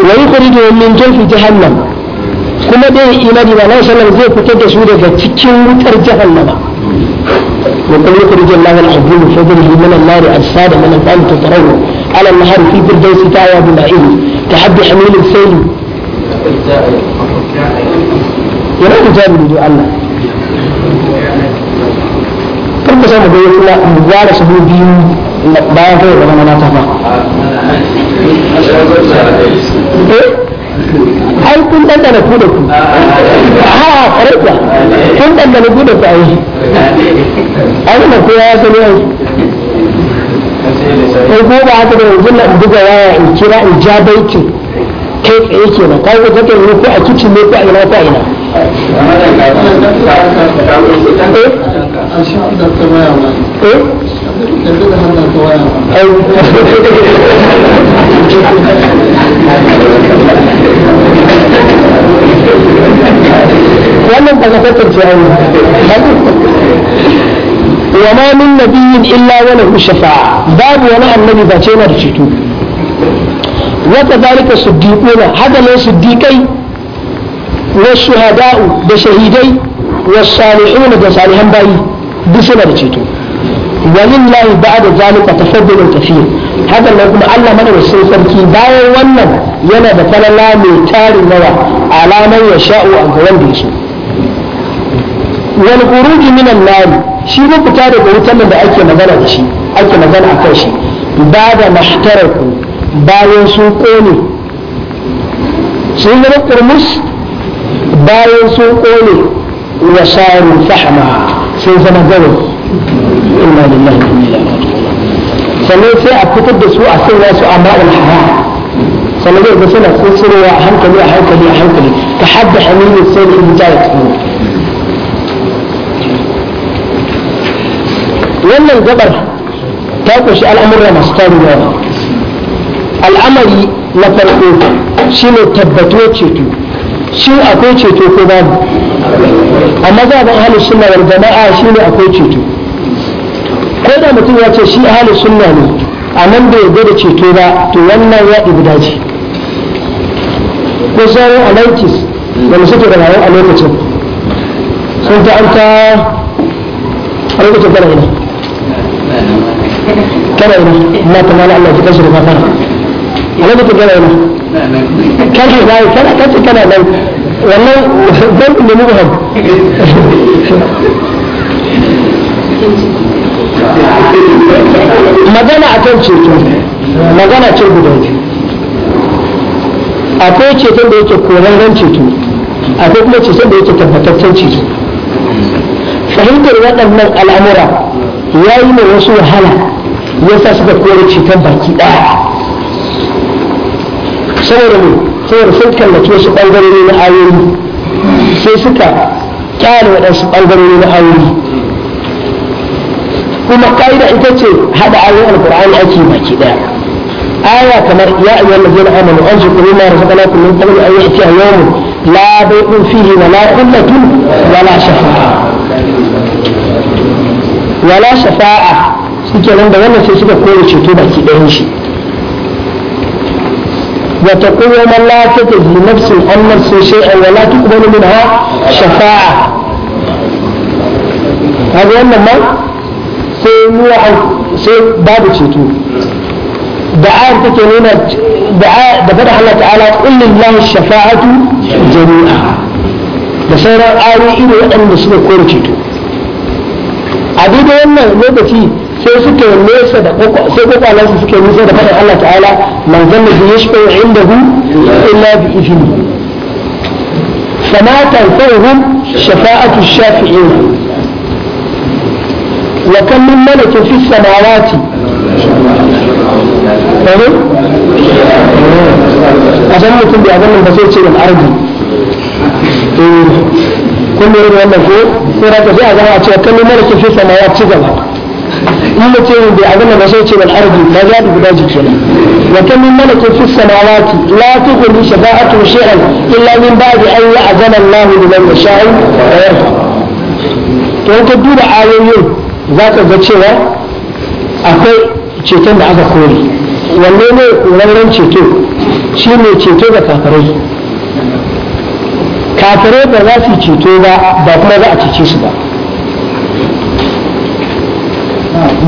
Speaker 1: wa yukhrijuhum min jawfi jahannam kuma dai imani ba Allah sallallahu zai fitar da su daga cikin wutar jahannama wa qul yukhrij Allahu al-azim fadrihi min an-nar ajsada min al-qalb tatarawu ala an-nahari fi firdausi ta'ya bi ma'in tahaddi hamil
Speaker 2: al-sayl yana
Speaker 1: da jabi da Allah Kar ka samu dai kula mu gara su biyu bayan kai da mana ta fa eh? ai kun dan da ku da ku ha ah, farka kun dan da ku da ku ai ai na ku ya sani ai ko ko ba haka da yanzu na buga waya in kira in ja baiti كيف يكون قالوا ذكر انه في اكيد شيء من فعل ما فعلنا ولم تفكر في إيه؟ إيه؟ وما من نبي الا وله شفاعه باب ونعم النبي باتشينا رشيتو wata zalika siddiquna haka ne siddiqai wa shuhada'u da shahidai wa salihuna da salihan bayi duk suna da ceto walillahi ba'da zalika tafaddalun kathir haka ne kuma Allah madawacin sarki bayan wannan yana da falala mai tarin yawa alaman ya a ga wanda ya so wal khuruj minan layi shi ne fita daga wutar da ake magana da shi ake magana akan shi ba da mahtaraku bayan sun kone sun zama kurmus bayan sun kone wa saru fahma sun zama gawo inna lillahi wa inna ilaihi sannan sai a fitar da su a sanya su a ma'ul haram sannan zai ga suna tsintsirowa a hankali a hankali a hankali ta hadda hamilu sai da ibn jaya tuno wannan gabar ta kunshi al'amurra masu tarin yawa al'amari na farko shi ne tabbato ceto shin akwai ceto ko ba amma za a halin suna da jama'a shi ne akwai ceto ko da mutum ya ce shi halin suna ne a nan bai yarda da ceto ba to wannan ya guda ce ko sauran alaitis da mu suke da a lokacin sun ta an ta a lokacin kana ina kana ina na ta mala Allah ta kashi da kafara wani mutum kana yana kashi zai kana kashi kana nan wannan zan da muka hau magana a kan ceto magana ce guda akwai ceton da yake korarren ceto akwai kuma ceton da yake tabbataccen ceto fahimtar waɗannan al'amura ya yi mai wasu wahala ya sa suka kore ceton baki ɗaya saboda mu saboda sun kallaci wasu ɓangarori na ayoyi sai suka kyale waɗansu ɓangarori na ayoyi kuma ƙa'ida ita ce haɗa ayoyin alƙur'ani ake baki ɗaya آية كما يا أيها الذين آمنوا أنفقوا مما رزقناكم من قبل أن يأتي يوم لا بيع فيه ولا خلة ولا شفاعة ولا شفاعة suke nan da wannan sai suka kore ceto baki ɗayan shi وتقول يوم لا تجد لنفس عن نفس شيئا ولا تقبل منها شفاعة هذا يوم أنما سينوع سي باب تشيتو دعاء تكلمة دعاء دفتح الله تعالى قل لله الشفاعة جميعا بسيرا آوي إلى أن نسمى كورتشيتو a daidai wannan lokaci sai suke nesa da sai kwakwalan su suke nesa da faɗin Allah ta'ala man zanna bi yashfa indahu illa bi idni fama tanfa'uhum shafa'atu shafi'in wa kam min malakin fi samawati Tare? A san mutum da abin ba sai ce da arzi. Kun da wannan ko? Sai da ka sai a zama a ce kan malakin fi samawati gaba. in bai abin da ba sai ce wal ardi na zaɓi guda jiki ne wa kan min malaka fi samawati la tughni shafa'atu shay'an illa min ba'di an a Allah liman yasha'u wa yarda to in ka duba ayoyin za ka ga cewa akwai ceton da aka wanne ne wannan ceto shi ne ceto ga ba za su ceto ba ba kuma za a cece ba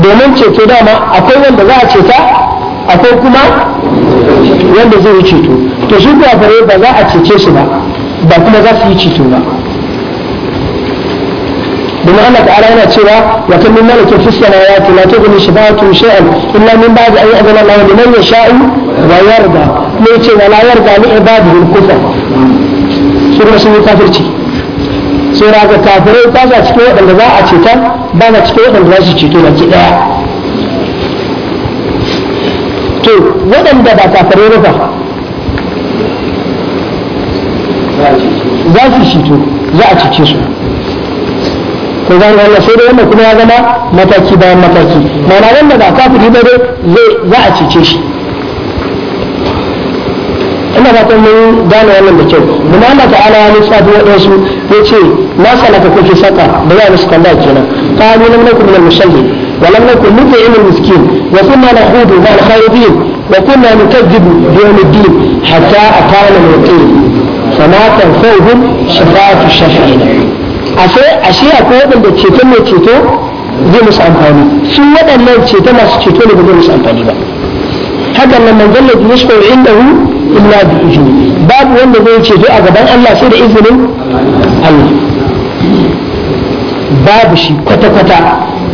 Speaker 1: domin ceto dama akwai wanda za a ceta akwai kuma wanda zai yi ceto to shi kafare ba za a cece shi ba ba kuma za su yi ceto ba domin Allah ta'ala yana cewa wa kan min malakin fi samawati la tughni shafa'atu shay'an illa min ba'di an ya'zana Allah liman yasha'u wa yarda ne ce wa la yarda li ibadihi al-kufr sun sun yi kafirci sai raga kafirai ta za cikin waɗanda za a ceta ba na cikin waɗanda za su ceto ke ɗaya to waɗanda ba kafare ba za su ceto za a cece su ko a Allah sai dai wannan kuma ya zama mataki bayan mataki mana wanda ba kafare ba dai za a cece shi ina fatan mun gane wannan da kyau na Allah ta'ala ya lissafi waɗansu yace ma salaka kuke saka da ya musu kallon kenan qalu lam nakum min al-musallin wa lam nakum nut'im al-miskin wa kunna nahudu ma al-khaydin wa kunna nukazzibu bi yawm al-din hatta atana al-yaqin fama tanfa'uhum shafa'atu shafi'in ashe ashe akwai wadanda ceto mai ceto zai musu amfani su waɗannan ceto masu ceto ne ba zai musu amfani ba hakan nan man zalla yashfa'u indahu illa bi izni babu wanda zai ceto a gaban Allah sai da izinin Allah babu shi kwata-kwata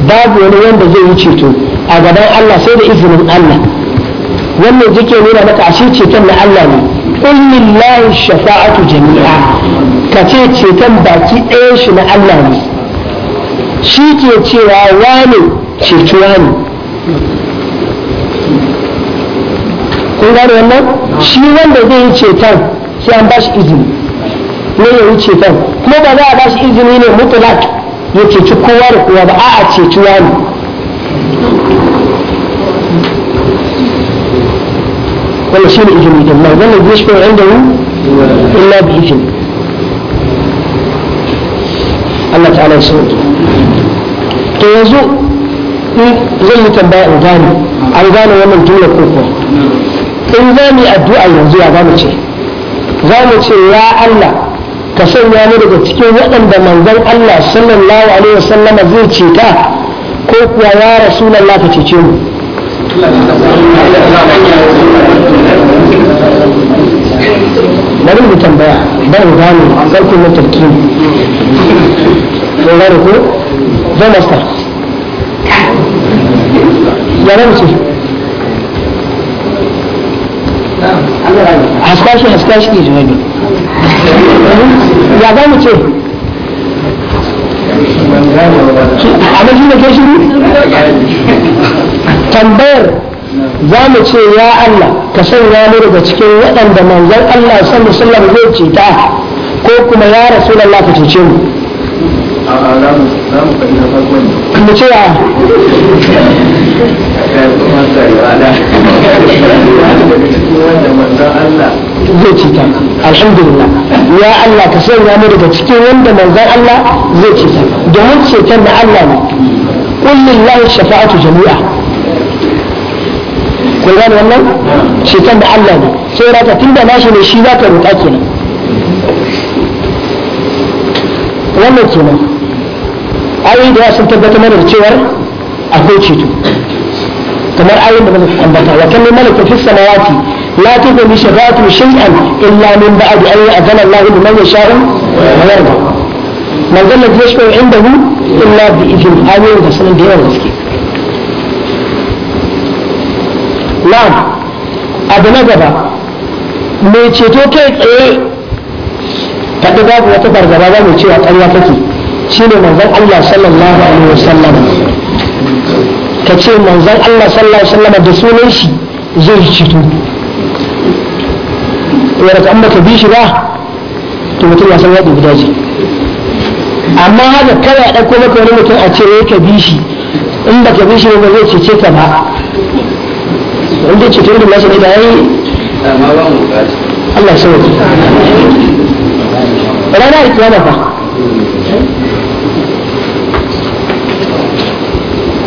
Speaker 1: babu wani wanda zai yi ceto a gaban Allah sai da izinin Allah wannan jike nuna maka ashe ceton na Allah ne qul layin shafa'atu jami'a Ka ce ceton baki ɗaya shi na Allah ne shi ke cewa wane cetuwa ne kun gane wannan shi wanda zai yi ceton sai an ba shi izini ne ya wuce kan kuma ba za a ba shi izini ne mutlak ya ceci kowa da kowa ba a'a ceci wani wannan shi ne izini da mai wanda zai shi inda yi, illa bi izini Allah ta'ala ya sauke to yanzu in zan yi tambaya in gane an gane wannan tura kofar in za addu'a yanzu ya gane ce za mu ce ya Allah ka sanya mu daga cikin waɗanda manzon Allah sallallahu alaihi wasallam zai ce ta? ko kuwa ya rasulullah ka cece mu bari mu tambaya bari mu gane sarkin na turki ne gane ko zama sa ya ce haska shi haska shi ke jawabi ya za mu ce abin shi da ke shiru tambayar za mu ce ya Allah ka sanya mu daga cikin waɗanda manzon Allah sallallahu alaihi wasallam zai ceta ko kuma ya rasulullah ka cece mu mu ce ya zai cita alhamdulillah ya Allah ka sanya mu daga cikin wanda manzon Allah zai cita domin ceton da Allah ne qul lillahi shafa'atu jami'a kun gane wannan ceton da Allah ne sai raka tunda nashi ne shi zaka roƙa kenan wannan kenan ayoyi da sun tabbatar mana da cewar akwai ceto kamar ayoyin da muka ambata wa kan malaka fis samawati la tughni shafa'atu shay'an illa min ba'di an ya'zana Allah liman yasha'u wa yarda man zalla yashfa'u indahu illa bi idhni ayoyin da sanan da yawan gaske na'am abu na gaba mai ceto kai tsaye kada babu wata fargaba ba mai cewa ƙarya take shine manzon Allah sallallahu alaihi wasallam ka ce manzon Allah sallallahu alaihi wasallam da sunan shi zai cito wanda an baka bi shi ba to mutum ya san yadda dubi daji amma haka kada a ɗauko maka wani mutum a ce ka bi shi in ba ka bi shi ba zai cece ka ba wanda ce tun da masu da yayi Allah ya sauke rana alkiyama fa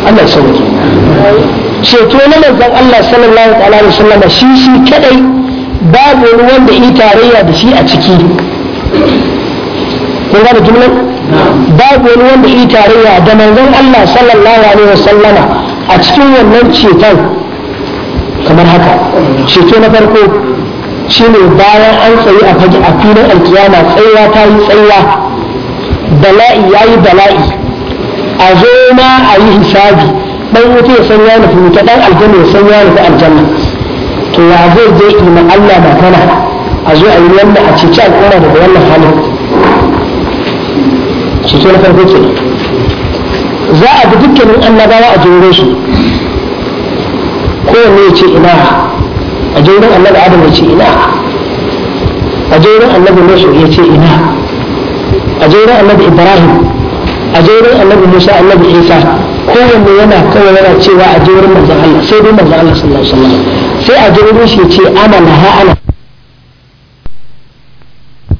Speaker 1: Allah ya sauke ceto na manzon Allah sallallahu alaihi wasallam shi shi kadai babu ruwan da yi tarayya da shi a ciki kun gane jumlar babu wani wanda yi tarayya da manzon Allah sallallahu alaihi wa sallama a cikin wannan ceton kamar haka ceto na farko shi ne bayan an tsayi a fage a filin alkiyama tsayuwa ta yi tsayuwa bala'i ya yi bala'i a zo ma a yi hisabi dan wuta ya san ya nufi wuta dan aljanna ya san ya nufi aljanna to ya zai je ima Allah magana a zo a yi wannan a ceci al'umma daga wannan halin ceto na farko ke za a bi dukkanin annabawa a jirgin su kowanne ya ce ina a jirgin annabi adam ya ce ina a jirgin annabi musu ya ce ina a jirgin annabi ibrahim a jerin annabi musa annabi isa kowanne yana kawai yana cewa a jerin manzan allah sai dai manzan allah sallallahu alaihi wasallam sai a jerin shi ce ana laha ana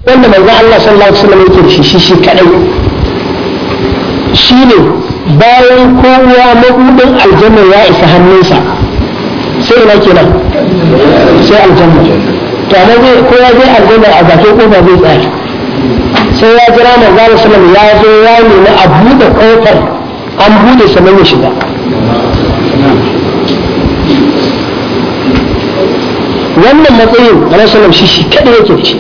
Speaker 1: wanda manzan allah sallallahu alaihi wasallam yake shi shi shi kadai shine bayan kowa mabudin aljanna ya isa hannunsa sai ina kenan sai aljanna to amma zai kowa zai aljanna a bakin kofa zai tsaya sai ya jira manzo sallallahu ya zo ya nemi a buɗe ƙofar an buɗe sanan ya shiga wannan matsayin alaihi sallam shi shi kada yake ci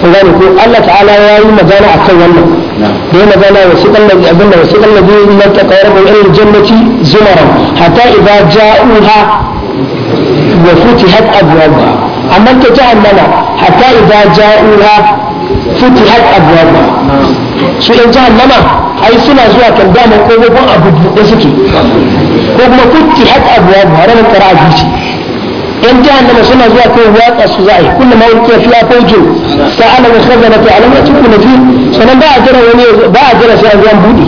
Speaker 1: ku gane ko Allah ta'ala ya yi magana akan wannan da ya magana wa su kallabi abinda wa su kallabi na ta kawarabu ilil jannati zumaran hatta idza ja'uha wa futihat abwabuha amma ta jahannama hatta idza ja'uha futihat abwabuha su yan jahannama ai suna zuwa kan dama kofofin abu buɗe suke ko kuma futihat abwabuha ranar qira'a bici yan jahannama suna zuwa kan watsa su za'i kullu ma ulqiya fiha fawjun sa'ala wa khazanatu alam yatukuna fi sannan ba a jira wani ba a jira sai a zo an buɗe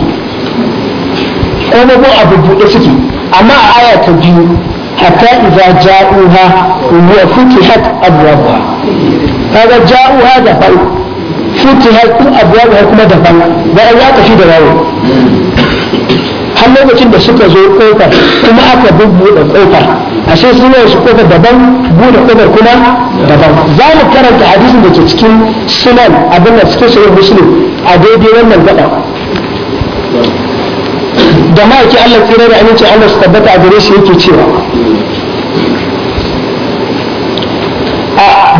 Speaker 1: kofofin abu buɗe suke amma a aya ta biyu hatta idza ja'uha wa futihat abwabuha kaga ja'uha da fa'u futihat ku kuma da fa'u ya tafi da rawo har lokacin da suka zo kofar kuma aka bubbuɗe kofar ashe sun yi su kofar daban buɗe kofar kuma daban za mu karanta hadisin da ke cikin sunan abin da cikin sahih muslim a daidai wannan gaba da ma'aiki Allah tsira da aminci Allah su tabbata a gare shi yake cewa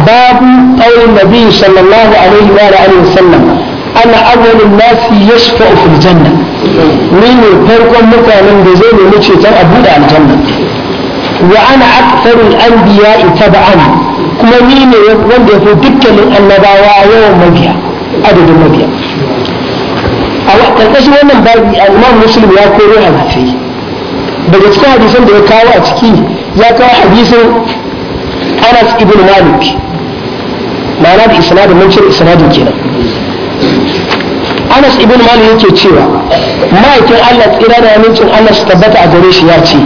Speaker 1: باب قول النبي صلى الله عليه وآله وسلم أنا أول الناس يشفع في الجنة من فرق مكان بزين ومشيت أبود على الجنة وأنا أكثر الأنبياء تبعا كما مين وندي في دكة النبوة يوم مبيع عدد مبيع a ƙarƙashin wannan babi al'imam muslim ya koro hanafi daga cikin hadisan da ya kawo a ciki ya kawo hadisin anas ibn malik ma'ana da isnadin mun cire isnadin kenan Anas ibn Malik yake cewa ma'aikin Allah tsira da amincin Allah su tabbata a gare shi ya ce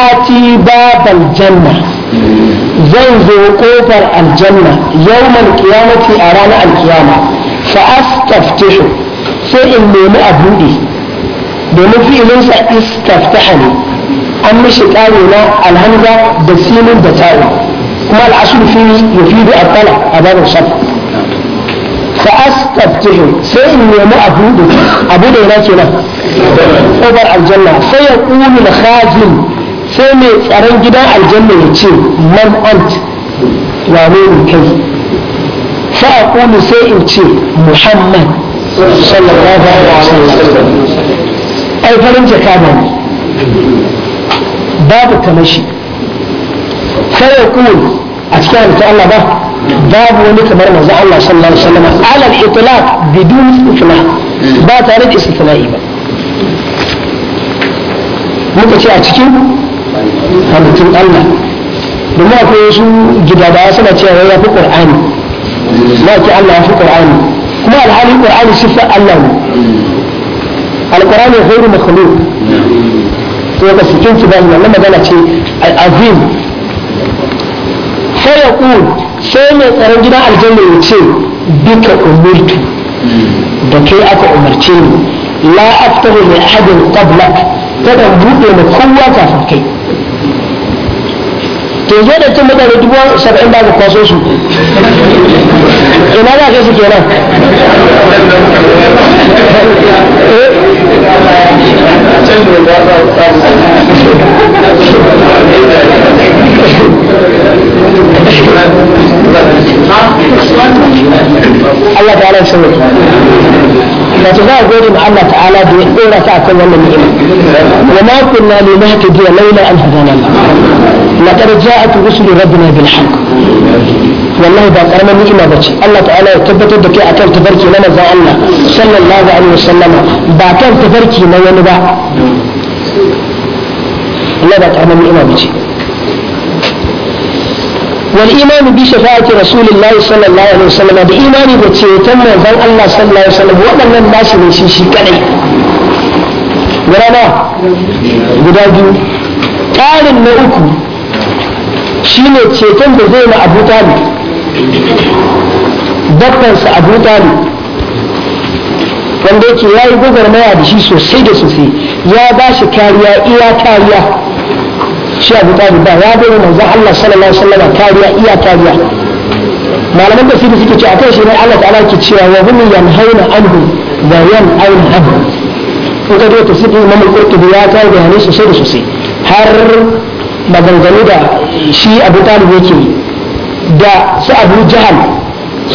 Speaker 1: ati babal janna zan zo kofar aljanna yawmal qiyamati a ranar alkiyama fa astaftihu sai in nemi a bude domin fi'ilinsa istaftaha ne an mishi ƙare na alhamza da sinin da ta'u العصر فيه يفيد الطلب أباب الشرط فأستفتح سيئن يوم أبوده أبوده هناك هنا أبر الجنة فيقول الخازن سيئن تسرن جدا الجنة يتشي من أنت ومين كي فأقول سيئن تشي محمد صلى الله عليه وسلم أي فلن تكامل باب التمشي فيكون أتكلم الله به باب ونكبر مزع الله صلى الله عليه وسلم على الإطلاق بدون استثناء ba tare da istisna'i ba muka ce a cikin halittun Allah domin akwai wasu gidada suna cewa ya fi ƙur'ani ba ki Allah ya fi ƙur'ani kuma alhali ƙur'ani sifa Allah ne horo makhluk to ka sikin ba wannan magana ce azim fa yaqul sai mai tsaron gidan aljanna ya ce bika umirtu da kai aka umarce ni la aftahu li ahadin qablak kada buɗe ma kowa kafin kai to zo da kwaso su الله تعالى يسوي فتفاعل غير الله تعالى بيقول لك ولا مؤمن وما كنا لنهتدي لولا ان هدانا الله لقد جاءت رسل ربنا بالحق والله ده كلام من ما الله تعالى يثبت بك اكل تبركي لنا ذا الله صلى الله عليه وسلم باكل تبركي لنا ذا الله ده كلام من ما Wani imanu bi shafa'ati rasulillahi sallallahu alaihi wasallam da imani da ceton manzon Allah sallallahu alaihi wasallam waɗannan nasu ne shi shi kadai gurana guda biyu ƙarin na uku shine ceton da zai na Abu Talib bakkansa Abu Talib wanda yake yayi gwagwarmaya da shi sosai da sosai ya bashi kariya iya kariya shi abu talib ba ya bai manzo Allah sallallahu alaihi wasallam kariya iya kariya malaman tafsiri suke ce akan shi ne Allah ta'ala ke cewa wa hum yanhauna anhu wa yan'auna anhu in ka zo tafsirin Imam al-Qurtubi ya kai bayanai sosai da sosai har maganganu da shi abu talib yake da su abu jahal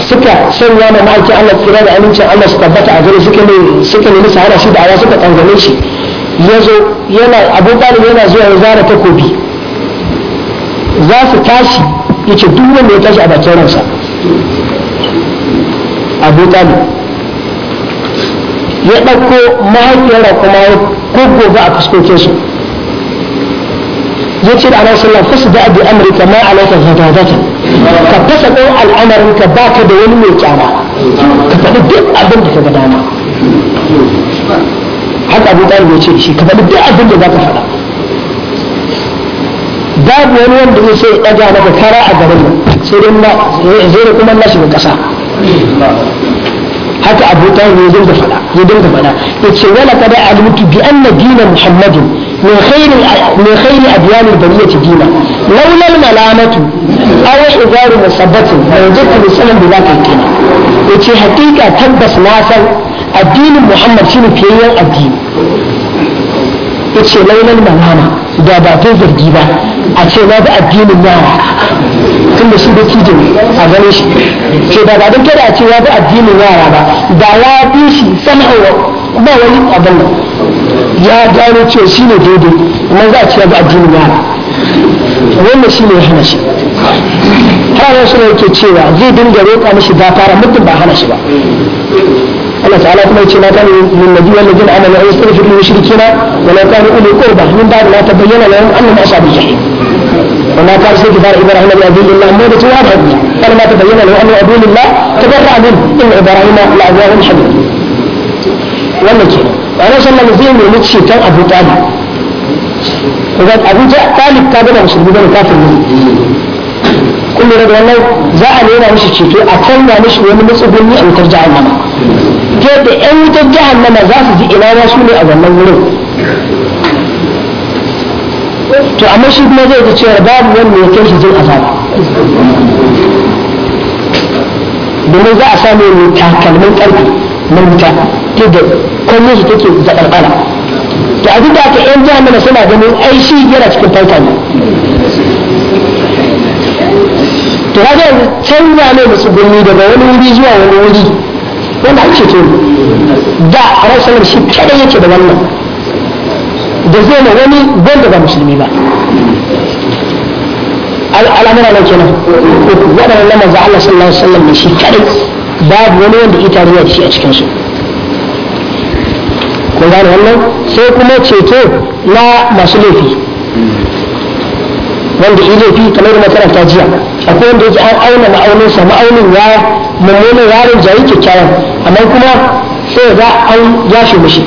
Speaker 1: suka sanya ma ma'aikin Allah tsira da amincin Allah su tabbata a gare suka ne suka ne su hana shi da awa suka tsangane shi ya zo yana abu talib yana zuwa ya zara takobi za su tashi ya ce duk wanda ya tashi a bakin ransa abu talib ya ɗauko mahaifiyar kuma ya goggoga a fuskokinsu ya ce da ana sallah fasu da abu amurka ma alaika zadadata ka fasa ɗau al'amarin ka baka da wani mai kyama ka faɗi duk abin da ka ga dama haka abu talib ya ce shi ka faɗi duk abin da za ka faɗa babu wani wanda zai sai ɗaga maka kara a garin nan sai dai na zai da kuma nashi ƙasa haka abu ya dinga faɗa ya dinga faɗa ya ce wala kada alimtu bi anna dina muhammadin min khairi min khairi adyanil bariyati dina laula al malamatu aw izaru musabbatin man jikku sallam bi zaka kina yace hakika tabbas na addinin muhammad shine fiyayyen addini ya ce lailal manama da ba ta zargi ba a ce na bi addinin yara tun da shi da kijin a gane shi ce ba don kada a ce ya bi addinin yara ba da ya bi shi sana'a ba wani abin ya gano cewa shi ne daidai na za a ce ya bi addinin yara wannan shi ne ya hana shi har yau suna yake cewa zai dinga roƙa mishi gafara mutum ba hana shi ba الله تعالى كما يقول ما كان للنبي والذين عملوا ان يستغفر للمشركين ولو كانوا اولي قربى من بعد ما تبين لهم انهم اصحاب الجحيم وما كان استغفار ابراهيم لابي الله موبة واضحة فلما تبين له انه ابو لله تبرع منه ان ابراهيم لابواه حميد وانا ke ranar sallar zai nemi ceton abu talib kuma abu talib ta gaba musulmi bane kafin ne kun lura da wannan za a nema mishi ceto a kan na mishi wani matsugunni a wutar jahannama ta da yan wutar jahannama za su ji ina ma su ne a wannan wurin to amma shi kuma zai ta cewa babu wani ya kai shi jin azaba domin za a samu ne takalmin karfi na wuta ta da kwanin shi take zaɓarɓara to a duk da aka yan jahannama suna ganin ai shi yana cikin fanka ne to haka yanzu canza ne masu gurmi daga wani wuri zuwa wani wuri wanda ake ce da a rasulun shi kada yake da wannan da zai na wani wanda ba musulmi ba al'amura na kenan waɗannan na manzo Allah sallallahu alaihi wasallam ne shi kadai babu wani wanda ita ruwa shi a cikin su za gane wannan sai kuma ceto na masu laifi wanda ya laifi kamar makaranta jiya akwai wanda yake an auna ma'aunin sa ma'aunin ya mummunan yaron jayi kyakkyawan amma kuma sai ga an yashe mishi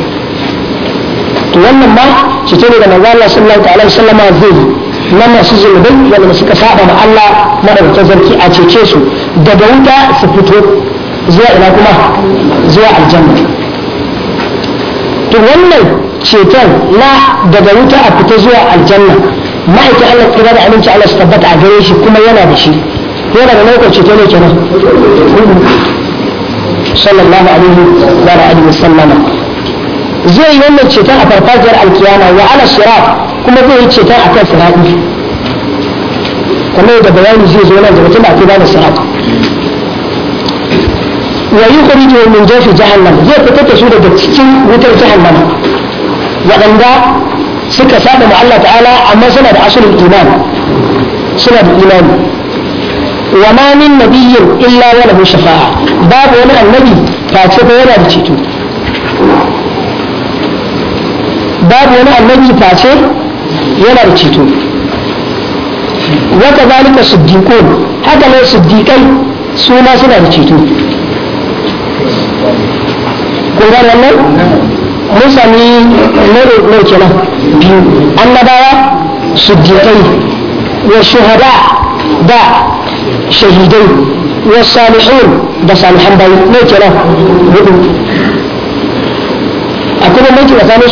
Speaker 1: to wannan ma shi ne da manzo Allah sallallahu alaihi wasallam zai na masu zunubai wanda suka saba ma Allah madaukakin sarki a cece su daga wuta su fito zuwa ina kuma zuwa aljanna to wannan ceton na daga wuta a fita zuwa aljanna ma'aikin Allah kira da abinci Allah su tabbata a gare shi kuma yana da shi yana da nau'ukan ceto ne kenan صلى الله عليه وعلى وسلم زي لما تشتا افرفاجر الكيانة وعلى الصراط كما زي تشتا افرفاجر الصراط كما يدى بيان زي زيونا زي تبع في الصراط ويخرج من جوف جهنم زي فتت سورة تشتين وتر جهنم وعند سكة سابة مع الله تعالى عما سنة عصر الإيمان سنة الإيمان Wananin ma min nabiyyin illa wa lahu shafa'a babu wani annabi face ko yana da ceto babu wani annabi face yana da haka ne siddiqai su suna da ceto biyu annabawa siddiqai wa shuhada da شهيدين والصالحون ده صالحان باي ما يجرى هدو أكون ما يجرى ثاني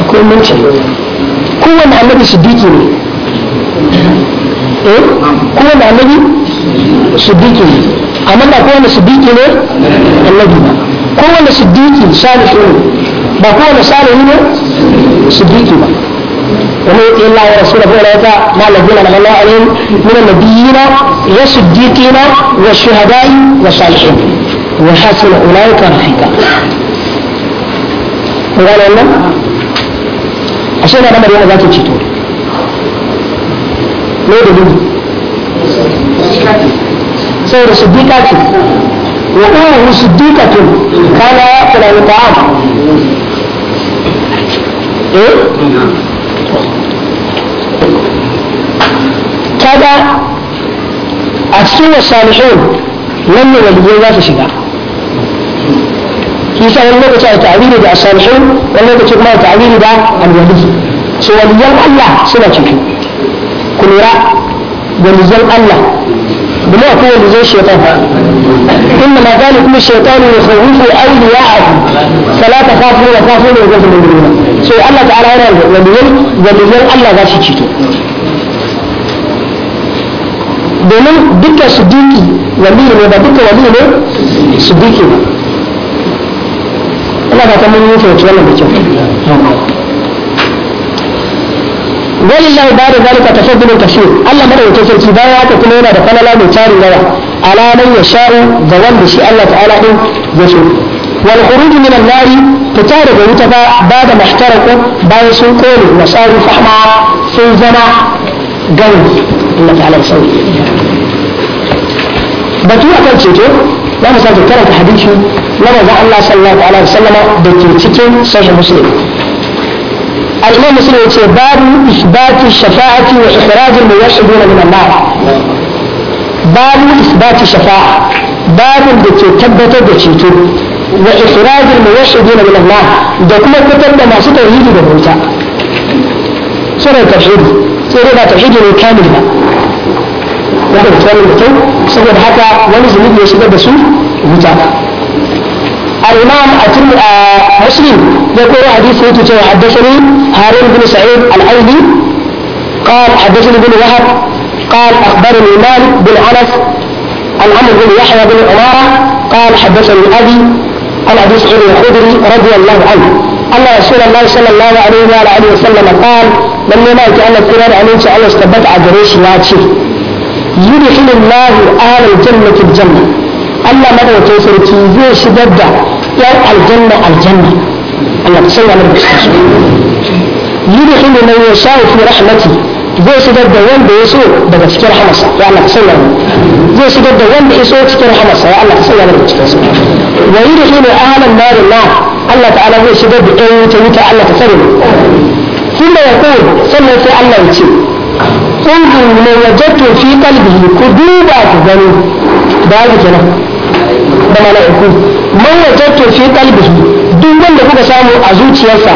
Speaker 1: أكون ما يجرى كون النبي صديقي إيه كون النبي صديقي أما ما كون صديقي ليه النبي كون صديقي صالحون ما بكون صالحين صديقي ونؤتي الله ورسوله فاولئك مع الذين انعم الله عليهم من النبيين والصديقين والشهداء والصالحين وحسن اولئك رفيقا. وقال لنا عشان انا مريم ذات الشتور. ليه بدون؟ سيد صديقة وأمه صديقة كان يأكل الطعام. إيه؟ kaga a cikin wasalihun nan ne waliyai za su shiga sa wani lokaci a ta'abiri da asalihun wani lokaci kuma a ta'abiri da alwali so waliyan Allah suna ciki ku lura waliyan Allah بلا قوة اللي زي الشيطان إنما من الشيطان يخوف أولياءكم فلا تخافوا وخافوا وخافوا المؤمنين سو الله تعالى هنا وليل وليل الله ذا shi ceto domin duka sidiki wali ne ba duka wali ne sidiki ba ina ba ta mun yi fahimci wannan da ولله بعد ذلك تفضل كثير الله مره يتفضل في دايا تتنونا دفن الله من تاري دايا على من يشاء ذوان بشي الله تعالى يشوف والخروج من النار تتارى بيتها بعد ما احترقوا باي سنكوري مسار فحما سيزنا قوي الله تعالى يسوي بطوع تلتشيته لما سألت ترك حديثه لما ذا الله صلى الله عليه وسلم بتلتشيته سجل مسلم الإمام مسلم يقول باب إثبات الشفاعة وإخراج الموحدون من النار باب إثبات الشفاعة باب دكي تبت دكيتو وإخراج الموحدين من النار دكما كتب ما ستوحيد بموتا سورة التوحيد سورة التوحيد الكامل وهذا الكلام المتو سورة حتى ونزل ابن يشبه بسوء الإمام آه، مسلم يقول حديث يتوجه حدثني هارون بن سعيد الأيدي قال حدثني بن وهب قال أخبرني مالك بن أنس عن عمرو بن يحيى بن عمارة قال حدثني أبي عن أبي سعيد الخدري رضي الله عنه أن رسول الله صلى الله عليه وآله وسلم قال من يمات أن القرآن عليه إن شاء الله استبدع عجريش واتشي يدخل الله أهل الجنة الجنة الله مدعو تيزي يشدد يوم الجنة الجنة الله تسوى لك يريد حين من يشاء في رحمتي زي سيدات دوان بيسو بدا شكرا حمصة يا الله تسوى لك زي سيدات دوان بيسو شكرا حمصة يا الله تسوى لك ويريد حين أهل النار الله الله تعالى هو سيدات بقوة ويتا الله تسوى ثم يقول صلى الله عليه وسلم قلت من وجدت في قلبه كذوبات ذنوب بعد كلام da mala'iku man wajattu fi qalbihi duk wanda kuka samu a zuciyarsa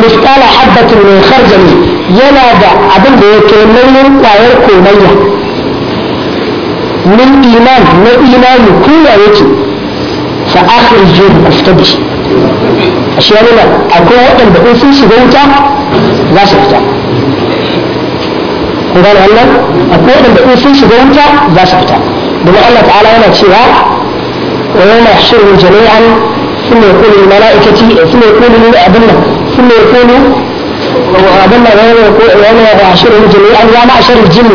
Speaker 1: misqala habatin min kharjani yana da abin da yake nauyin kwayar komayya min iman na imani kowa yake fa akhriju ku fita da shi a shi yana akwai waɗanda in sun shiga wuta za su fita kun gane wannan akwai waɗanda in sun shiga wuta za su fita domin Allah ta'ala yana cewa ويوم يحشرهم جميعا ثم يقول الملائكة ثم يقول لأبنا ثم يقول وأبنا ويوم يحشرهم جميعا يا معشر الجن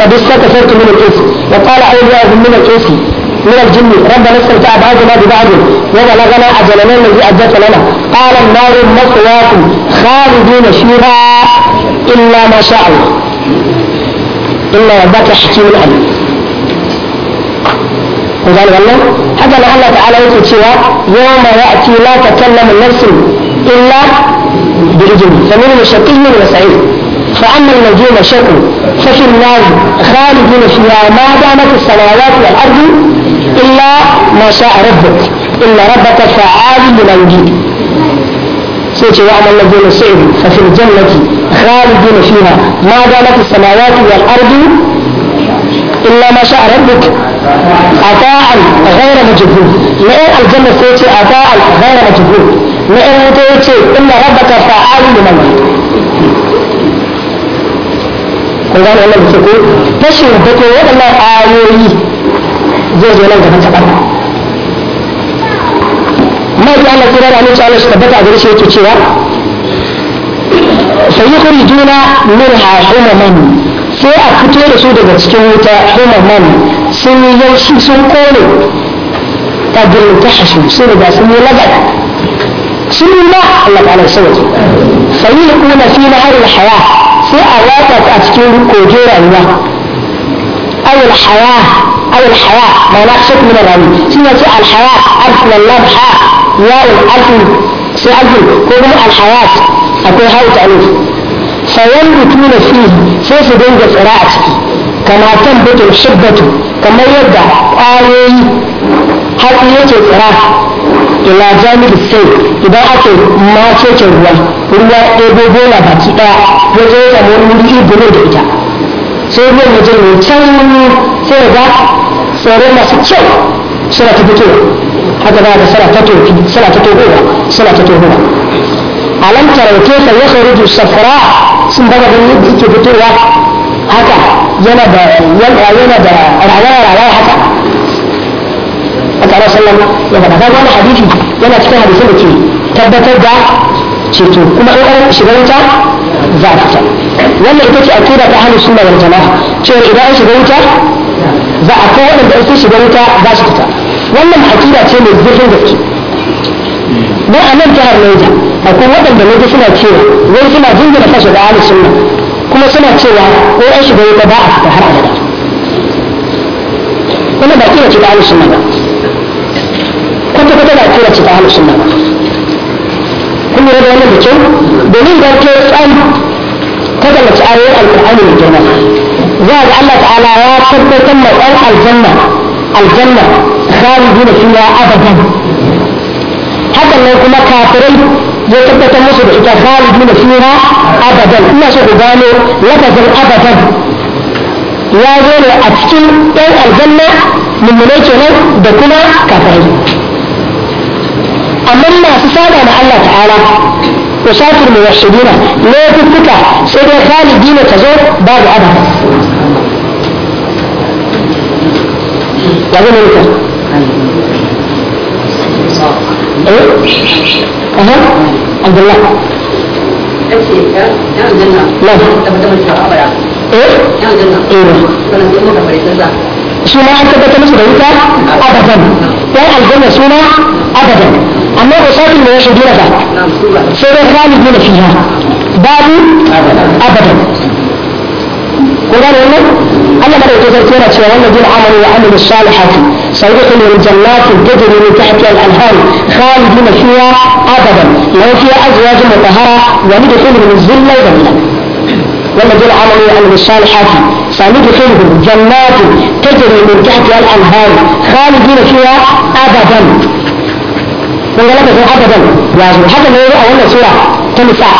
Speaker 1: قد استكثرت من الإنس وقال أولياء من الإنس من الجن ربنا استمتع بعضنا ببعض وبلغنا أجلنا الذي أجلت لنا قال النار مصواكم خالدين فيها إلا ما شاء الله إلا ربك حكيم عليم وقال والله حتى haka الله تعالى يقول yake يوم ياتي لا تكلم takallamu الا illa فمن idni famin shaqiyyun فأما الذين شقوا ففي النار خالدين فيها ما دامت السماوات والأرض إلا ما شاء ربك إن ربك فعال لما يريد سيتي وأما الذين سعدوا ففي الجنة خالدين فيها ما دامت السماوات والأرض إلا ما شاء ربك عطاء غير مجبور لئن الجنة سيتي عطاء غير مجبور لئن متيتي إن ربك فعال لمن kun gane wannan da ko tashin da ko waɗannan ayoyi zai zo nan gaban kaɗan mai da Allah kira da mutu Allah shi tabbata a gare shi yake cewa sai yi kuri juna min ha umaman sai a fito da su daga cikin wuta man sun yi yaushi sun kone ta girin ta hashu sun riga sun yi lagada sun yi ba Allah ta alai sauki sai yi kuna fi na harin haya sai a wata ta a cikin koge rayuwa awul haya awul haya ma na shak mina rami shi ne ce haya arfin Allah ha ya al arfin sai arfin ko kuma haya akwai hauta alif fayan mutu na fi sai su dinga tsira a ciki kama kan bitin shibbatu kamar yadda ƙwayoyi hatsi yake tsira ila jami'in sai idan aka mace ruwa ruwa ɗebo bola baki ɗaya ya zo ya samu wuri ibulu da ita sai ruwan ya je mai can sai ga tsirrai masu kyau suna ta fito haka za ka suna ta tofi suna ta tohowa suna ta tohowa alam tarauke fa yakhruju safra sun daga gani yadda yake fitowa haka yana da yana yana da rayuwa rayuwa haka Allah sallallahu ya faɗa kaga wannan hadisi yana cikin hadisin da ke tabbatar da ceto kuma in an shiga wuta za a fita wannan ita ce akida ta ahlus sunna wal jama'a cewa idan an shiga wuta za a kai waɗanda ake shiga wuta za su fita wannan akida ce mai zurfin gaske don a nan jihar Niger akwai waɗanda na suna cewa wai suna jingina kansu da ahli sunna kuma suna cewa ko an shiga wuta ba a fita har abada kuma ba kira ce da ahli sunna ba kwata kwata ba kira ce da ahli sunna ba kun lura da wannan da kyau domin ga ke tsan kada mace ayoyin alƙur'ani mai girma za a ga Allah ta'ala ya tabbatar ma ɗan aljanna aljanna khalidina fiha abadan haka nan kuma kafirai ya tabbatar musu da ita galibi na fiha abadan ina so ku gano lafazin abadan ya zo ne a cikin ɗan aljanna mummune kenan da kuma kafirai amma masu saba na Allah ta'ala وشاكر الموحدين لا تتكى سيدي خالدين تزور بعد عبد وزن لكم ايه اها عبد الله suna an tabbata musu da wuta abadan dan aljanna suna abadan amma ba sabin da ya shudura ba sai dai khalidina fiha babu abadan kun gane wannan Allah mara ta zarce yana cewa wannan jin amalu wa amalu salihati sayyidu min jannati tajri min tahtiha al-anhar khalidina fiha abadan lahu fiha azwajun mutahhara wa yadkhuluhum dhillan dhalila والذين عملوا وعملوا الصالحات سندخلهم جنات تجري من تحتها الانهار خالدين فيها ابدا من قال ابدا يا حتى ما يقول اول سوره تنساء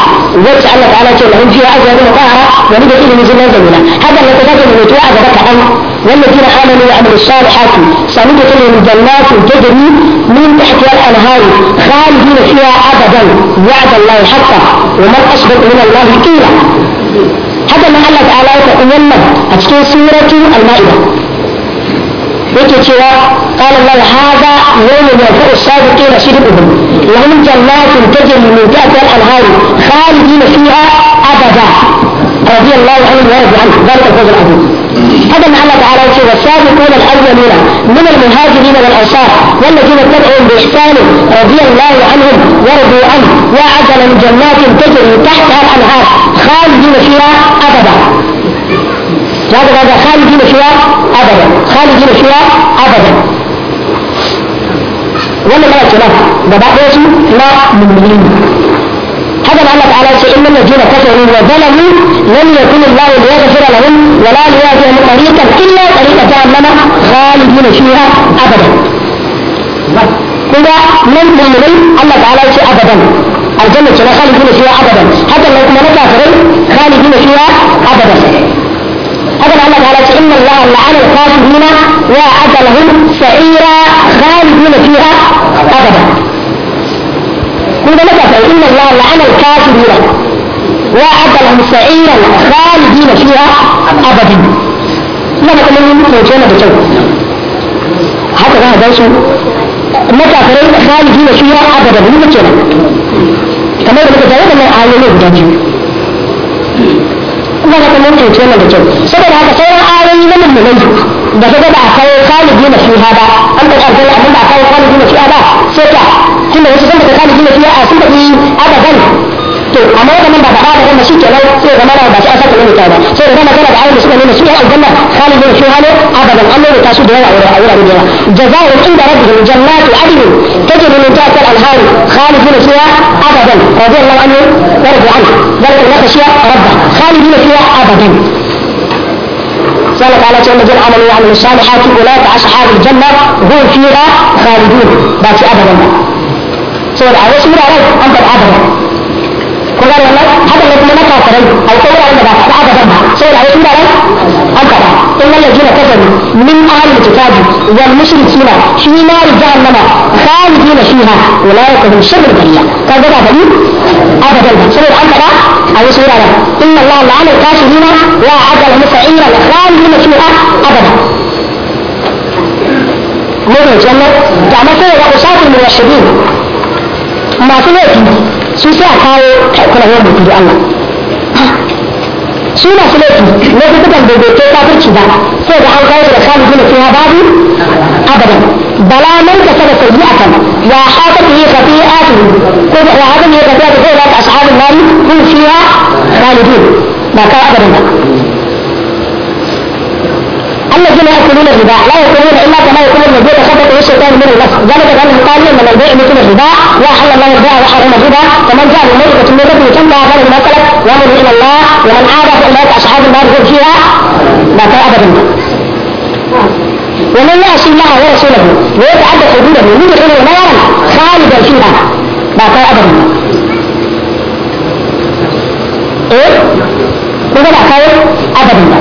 Speaker 1: وجه الله تعالى يقول لهم فيها أزواج مطهرة ونبت إلى نزل زمنا هذا اللي تفاجئ من يتوعد بك أن والذين آمنوا وعملوا الصالحات سنجد لهم جنات تجري من تحتها الأنهار خالدين فيها أبدا وعد الله حقا ومن أصدق من الله قيلا هذا ما الله تعالى يقول أتكي سورة المائدة yake قال الله هذا يوم yawm yafu رشيد بهم لهم جنات تجري من تحت الانهار خالدين فيها ابدا رضي الله عنه ويرضى عنه ذلك الفوز العظيم هذا ما الله تعالى يقول والسابقون الاولون من المهاجرين والانصار والذين اتبعوا باحسان رضي الله عنهم ورضوا عنه واعد لهم جنات تجري تحتها الانهار خالدين فيها ابدا لا خالد من فيها أبدا من فيها أبدا ولا ما بعد دبعه لا من مين هذا الله تعالى إن الذين كفروا وظلموا لم يكن الله ليغفر لهم ولا ليهديهم طريقا إلا طريق جهنم خالدين فيها أبدا كذا من مؤمنين الله تعالى أبدا الجنة من فيها أبدا حتى لو كنا خالد من فيها أبدا هذا الله تعالى إن الله لعن الخاسرين وأعد لهم سعيرا خالدين فيها أبدا كل ذلك إن الله لعن الكافرين وأعد لهم سعيرا خالدين فيها أبدا لما كنا نتوجهنا بجو هذا هذا شو
Speaker 2: مكافرين
Speaker 1: خالدين فيها أبدا من كما يقول لك ذلك من آية zaka ta mun fahimci wannan da kyau saboda haka sauran ayoyi na mummunai da ka ga ba a kawo kalibi na fiha ba an ta karfi amma ba a kawo kalibi na fiha ba sai ka tunda wasu sun da kalibi na fiha sun da abadan to amma wannan ba ba da shi kenan sai zama na ba shi an saka ne ta ba sai zama kana da aure shi ne shi aljanna khalid ne shi halo abadan Allah ya tashi da yawa a wurare da yawa jazaa'u inda rabbihim jannatu adn tajri min tahtiha al-anhar khalidin fiha abadan radiyallahu anhu warda anhu ذلك النفس يا رب خالدين فيها ابدا قال تعالى جل جل عمل وعمل الصالحات أولئك أصحاب الجنة هم فيها خالدون باتي أبدا سورة عويس مرة أنت أبدا وقال لنا هذا الذين كافرين أو تولى عند بعض بعض بعض سؤال عليه إن بعد أنكر إن الذين كفروا من أهل الكتاب والمشركين في نار جهنم خالدين فيها أولئك هم شر البرية كان ذلك دليل أبدا سؤال أنكر أو سؤال عليه إن الله لعن الكافرين وأعد لهم سعيرا خالدين فيها أبدا مدرج أنه كما سيرى أصحاب المرشدين ما سيأتي su sai a kawo kuna yau da turi Allah su masu laifi na kusurkan daidaito kafirci ba sai da an kawo da kalibi na fiya babu abadan bala man ka saba sayi a kan ya haka ne ka fi ati ko ya haka ne ka fi ati ko ya ta ashabin nari kun fiya kalibi ba kawo abadan ba الذين ياكلون الربا لا يكونون الا كما ياكل الذي به الشيطان من النفس ذلك بانه قال من البيع مثل الربا واحل الله البيع وحرم الربا فمن جاء بموجبه من ربه كم لا فله ما سلف وامر الى الله ومن عاد في الله اصحاب النار هم فيها ما كان ابدا ومن يعصي الله ورسوله ويتعدى حدوده من يدخله نارا خالدا فيها ما كان ابدا ايه؟ ولا ابدا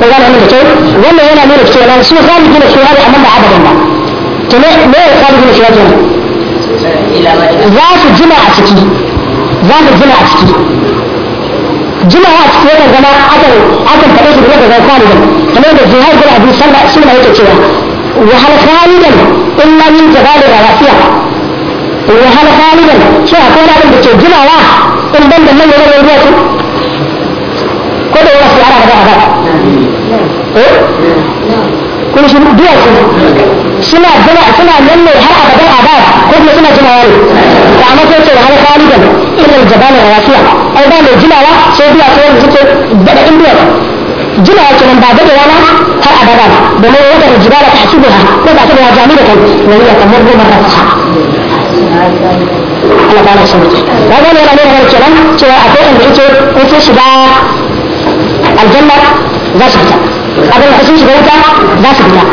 Speaker 1: وقال عمل كيف ولا يلا مين كتير انا شو خالد من الخيال امام عبد الله تمام ليه خالد من الخيال هنا ذات الجمعة تكي ذات الجمعة تكي جمعة تكي هذا زمان عدل عدل تبيش بلاد زي خالدا تمام الجهاد بن ابي سلمة سلمة هيك كتير وهل خالدا إلا من جبال رواسيها وهل خالدا شو هكذا عدل بتشجمع واحد البند من يلي يلي ko da wasu ba eh shi su suna jira suna nan ne har abadan abad ko kuma suna jimawa ne da amma sai ce wa hal irin ilal jabal ai ba mai jimawa sai duwa sai wanda suke daga indiya jimawa kenan ba dadewa na har abada domin wadda da jibala ta hasibu ha ko ba ta da jami da kai ne ya kamar goma ta sa Allah ta na shi ne. Wannan yana nuna kenan cewa akwai inda ce yake shiga الجنة دس هزار قبل الحسوس غيرتها دس هزار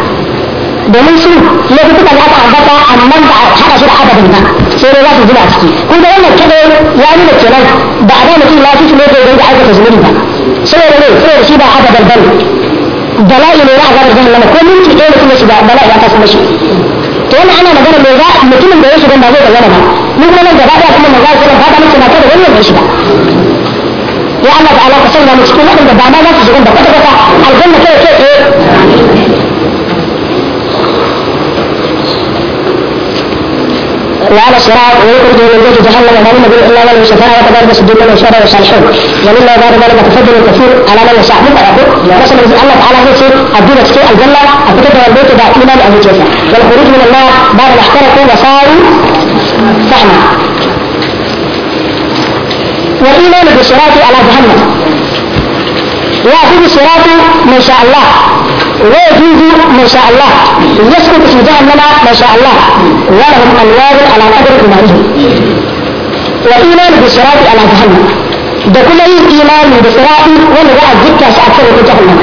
Speaker 1: دومين سنة لقد تبقى الأطع بطا أن منبع حقا سورة عبد الله يعني سورة الله تزيل عسكي كل ده يوم الكبير يعني الكبير بعدين كي لا تيش ميكي يريد عيدة تزميل ده سورة ليه سورة سيبا عبد البل دلائل الله غير زين لما كل من تيه لكي نسيبا دلائل أنت سمشي تقول أنا مجرد ميزا مكين من بيشي جنبه ده يوم ده نقول لنا الجبابة كم المجرد سورة بابا نسيبا كده وين يوم ya Allah ta'ala ka مسكين لكن cikin ما ba ma za su الجنة da kwata kwata وعلى الصراط ويقرد من جهه جهنم وما من الا من الشفاعه وكذلك الصديقون والشهداء والصالحون ومما بعد ذلك تفضل الكثير على من يشاء من اعرفه رسم الله تعالى هيك الدين تسكي الجنه الكتب والبيت بعد ايمان أبو جهل والخروج من النار بعد ما وصاري فحمة والإيمان بصراطي على جهنم يأخذ صراطي ما شاء الله ويجوز ما شاء الله يسقط في جهنم ما شاء الله ولهم أنوار على قدر إيمانهم والإيمان بصراطي على جهنم ده كل إيمان بصراطي ولا بقى جبت سأكثر في جهنم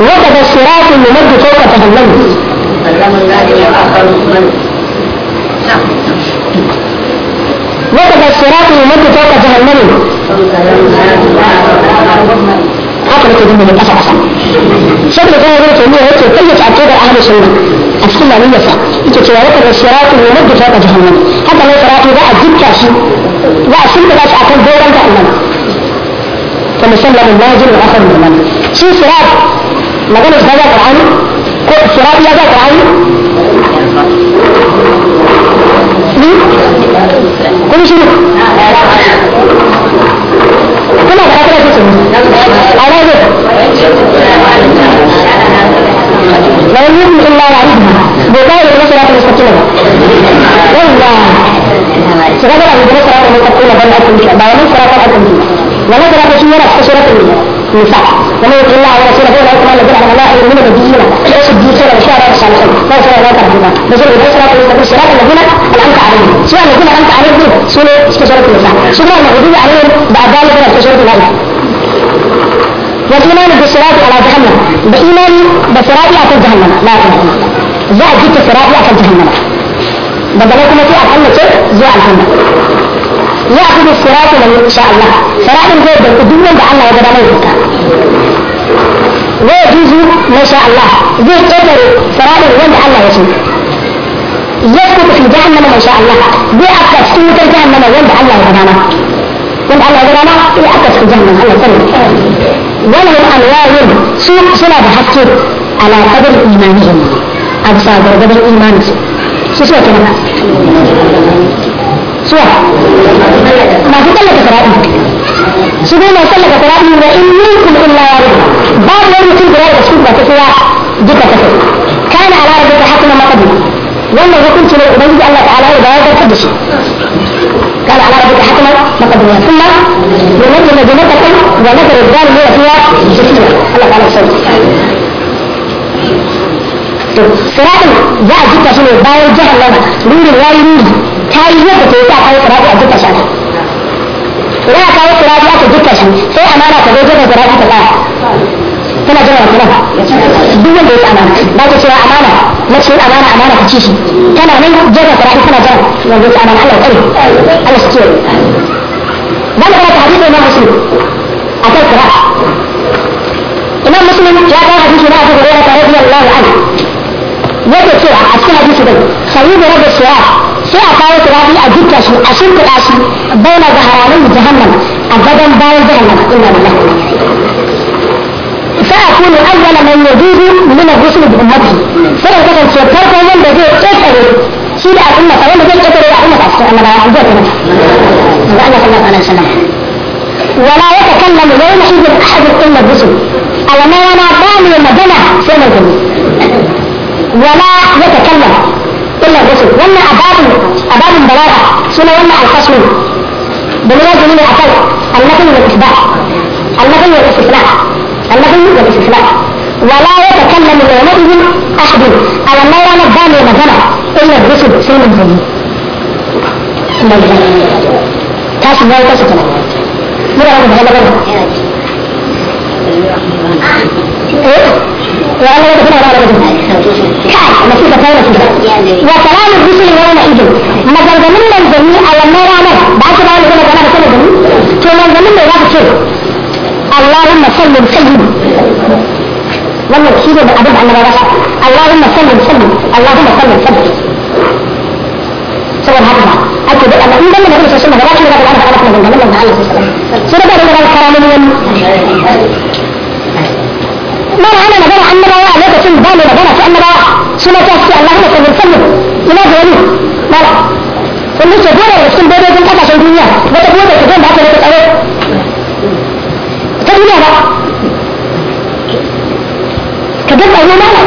Speaker 1: وكذا الصراط يمد فوق جهنم وقف الصراط ومد فوق جهنم عقل تدمي للأسف أصلا شكل كان يقول تنمية هيك يتلت أهل السنة أفكر لها الصراط فوق جهنم حتى لو صراط ذا أجد كاشي ذا أسنت باش دورا جهنم كما سلم الناجل وأخر من المنزل شو صراط ما قلت هذا القرآن صراط يا ذا كل شيء كلها دكاتره في على هذا لا يؤمن الا يعرفها بقاء البشر المستقله والله سبحان الله البشر المستقله بل اكل بها بل اكل بها ولا ترى شيء ولا تشرب من سبعة ومن يطع الله ورسوله فإن أكرم الذين أنعم الله عليهم من النبيين والصديقين والشهداء والصالحين ويسر الله ترحمه نزل إلى صراط المستقيم صراط الذين أنعمت عليهم سواء الذين أنعمت عليهم سنة استشارة النساء سنة المغضوب عليهم بعد ذلك استشارة الأرض والإيمان بالصراط على جهنم بإيمان بالصراط على جهنم لا إله إلا الله زاد جبت الصراط على جهنم بدلكم في أهل الجنة زاد جهنم يأخذ الصراط من شاء الله صراط زي ده الدنيا ده الله يقدر عليك ويجوز ما شاء الله زي قدر صراط وين الله يسوي يسقط في جهنم ما شاء الله زي أكثر في جهنم وين الله يقدر عليك وين الله يقدر عليك أكثر في جهنم الله يسلمك ولهم أنواع سوء سنة بحكي على قدر إيمانهم أبصار قدر إيمانهم شو شو كده صح ما في لك كتراب سبحان ما كل لك من وإن منكم إلا وارد بعض يوم يكون برأي أسلوب بس هو جدا كتير كان على ربك حكما ما قبل ولا يكون كنت أبيد الله تعالى وبيان كدش كان على ربك حكما ما قبل ثم يمد مدينتكم ونذر الدار اللي فيها جثية الله تعالى يسلمك صراط جاء جدا شنو باين جهل لنا نور الواي نور ta yi yadda ta yi ta kawo kurabi a duka shan idan a kawo kurabi aka duka shan sai amana ta zo gefen kurabi ta tsaya tana jiran kuma duk wanda ya amana ba ta cewa amana na ce amana amana ta ci shi tana nan gefen kurabi tana jiran wanda ya amana Allah ya tsare Allah shi kiyaye dan kana ta hadisi na muslim akai kurabi imam muslim ya kawo hadisi na Abu Hurairah radiyallahu anhu yake cewa a cikin hadisi din sahibi rabbul shiyah sai a kawo turabi a dukka shi a shimfiɗa shi bauna zaharanin jahannam a gadon bayan jahannam inna lillahi فأكون أول من يجوز من الرسل بأمته فإن كان شكر فهو الذي يكسر
Speaker 2: شيء أمة فهو الذي يكسر
Speaker 1: أمة أفسر أنا بقى عزيز أنا وأنا صلى الله عليه وسلم ولا يتكلم يومئذ أحد إلا الرسل ألم ينا ثاني مدنة سنة ولا يتكلم إلا الرسل ولا أباب أباب البلاغة سنة ولا الخصم بنلاقي من الأقل النفي والاتباع النفي والاستثناء النفي والاستثناء ولا يتكلم يومئذ أحد على ما يرى الدم ومجمع إلا الرسل سنة زيه تاسو دا تاسو ته مره مره إيه؟ وأنا يدخل على الجمعة كاي مسيطة كاي مسيطة وكلام الرسل يومئذ مثل من الجميع على النار عمل بعد كده أقول لك أنا بكل الجميع ثم الجميع لا بكل اللهم صل وسلم لما تصيبه بالأدب عن مدرسة اللهم صل وسلم اللهم صل وسلم صور هكذا أكيد أنا إن دم النبي صلى الله عليه وسلم ولكن أنا أعرف أنا من دم الله عليه وسلم صلى الله عليه وسلم mana ana magana annabawa a lokacin ba mu magana ta annabawa suna ta ce Allahumma salli sallim ina da wani mala kun ce dole da cikin daidaitin kasashen duniya wata kuma da kudin da aka rika tsaro ta duniya ba ka ga tsaro mala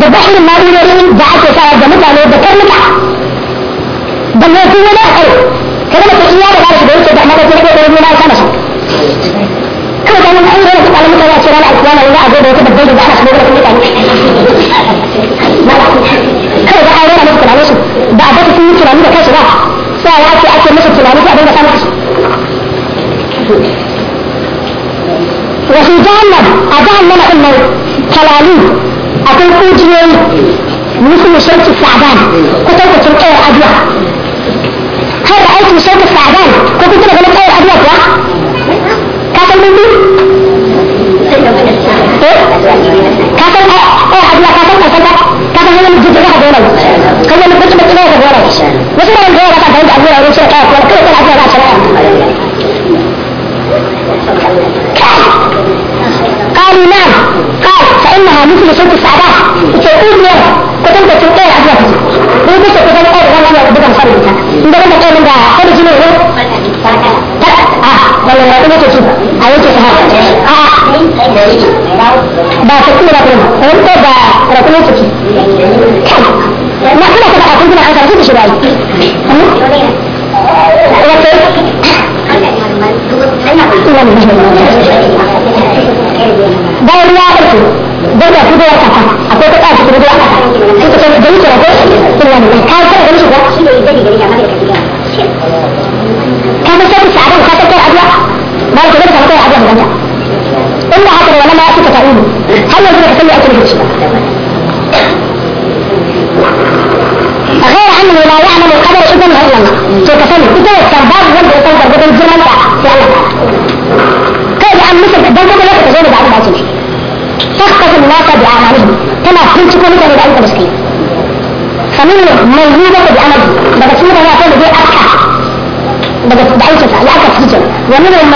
Speaker 1: da bashirin ma'irorin da ake kawo da mutane da karnuka da mai kuma na a karo kada mutum iya da ba shi da yake da amma da kuma da wani ma ya kama shi an yi an gona tsakanin mutane a ce ranar alkiyama ne za a zo da wata babbar da ana shigo da kuma mutane kawai da an rana musu tunanin su ba a bata sun yi tunani da kansu ba sai ya ce ake musu tunani a dinga samun su wasu jahannam a jahannama ɗin nan talalu akwai kujiyoyi musu shirki sa'adan kwatankwacin ƙayar aduwa kai da aikin shirki sa'adan ko kun tuna ganin ƙayar aduwa kuwa मिली कुछ बच्चे बोल रहे कुछ बोल रहे बता बैंक आगे और उसे क्या करते हैं आगे आगे चला काली नाम काल सही ना मुझे सुन सारा उसे उड़ लिया कुतन को चुके आगे उनको से कुतन को भगवान ने दुकान सारी दिखा इंदर में क्या मिल रहा है और जिन्हें
Speaker 2: a wala ya kuma ce
Speaker 1: a yake ta a ba ta kuma da kuma wani ko ba da kuma ce na kuma ta da kuma an karfi shi bai
Speaker 2: wace bayan ruwa ya
Speaker 1: ɗauke don da kudu ya kafa akwai kuɗa su kudu ya kafa suka da بعد كده كانت حاجه جامده الا حتى لو انا ما هل يجب ان يحصل اكل الجسم غير انه لا يعلم القدر اذا غير لما تتفهم كده الكذاب ضد القدر ضد الجرم انت يعلم كده عم مثل ده كده لا تتزول بعد ما تمشي تخطف الناس باعمالهم كما كنت كنت انا بعيد المسكين فمنهم من يوجد بس هو ده فعلا دي اكثر بدك بعيش لا تفكير ومنهم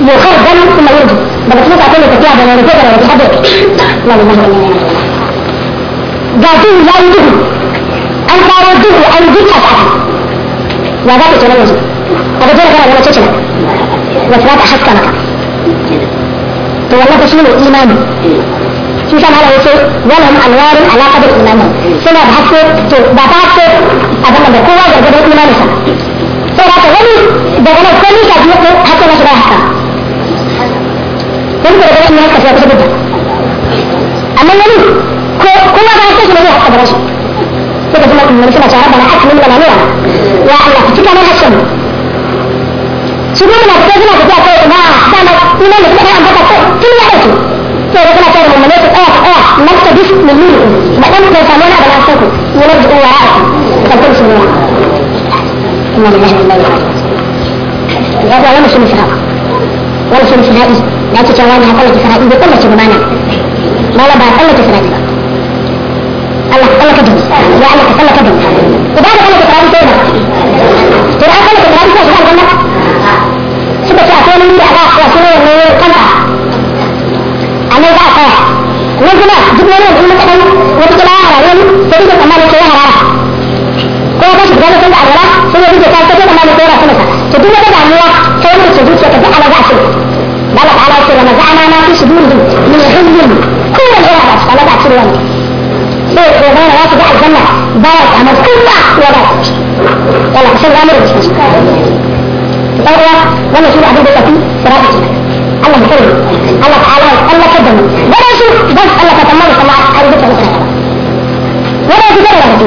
Speaker 1: من يخر دم ثم يرجع بدك تطلع كل تتعب ولا تقدر ولا تحبك لا لا لا قاعدين لا يجوا أنت رده أن جدك يا ذاك ولا يجي هذا جرى جرى ولا تشتغل وفرات أحس كمك تولد شنو إيماني في كان هذا يقول ولهم أنوار على قدر إيمانهم سنة بحثت بعثت أبدا بقوة وجدت إيمانهم sai ka wani daga nan komai ka biyo ko haka na shiga haka wani daga nan haka sai ka shiga amma wani ko kuma ba ka shiga haka da shi sai ka ji mutum suna cewa rabbana akmin lana nura ya Allah ka cika mana hakkin shi kuma na fita suna tafiya kai ina dama ina da kuma an kai tun ya aiki sai da kana tare mun ne ka tsaya tsaya nasta bis min nuri da dan ko samu na da lafiya ku yana da wara ka kan shi ne إما من أهل الله هذا ولا شيء مسها ولا شيء مسها لا تتوانى كل تفرائي بكل شيء بمعنى ما لا بعد كل تفرائي الله الله كدم يا الله الله كدم وبعد كل تفرائي كده ترى كل تفرائي كده سبحان الله سبحان الله كل من أعرف رسوله من كذا أنا ذا كذا وجبنا جبنا له من كذا وجبنا له من سيدنا كمال كذا ya tashi da zama canza alwala sai ya rike ta sai da mamu tsora sama to duk wata damuwa sai wanda ke zuciya ka ala alaga a cikin bala ta ala ce wa maza'ana ma fi sudurihim min hizbin kowane irin ba su alaga a cikin wani sai ko bayan za su ga aljanna baya kamar kowa ya ba su yana kashin ranar da shi ɗan uwa wannan shi abin da tafi sirata ce Allah mutum Allah ta'ala ya tsallaka da mu wadansu zan tsallaka tamar sama a arzikin sirata wadansu zai da rahoto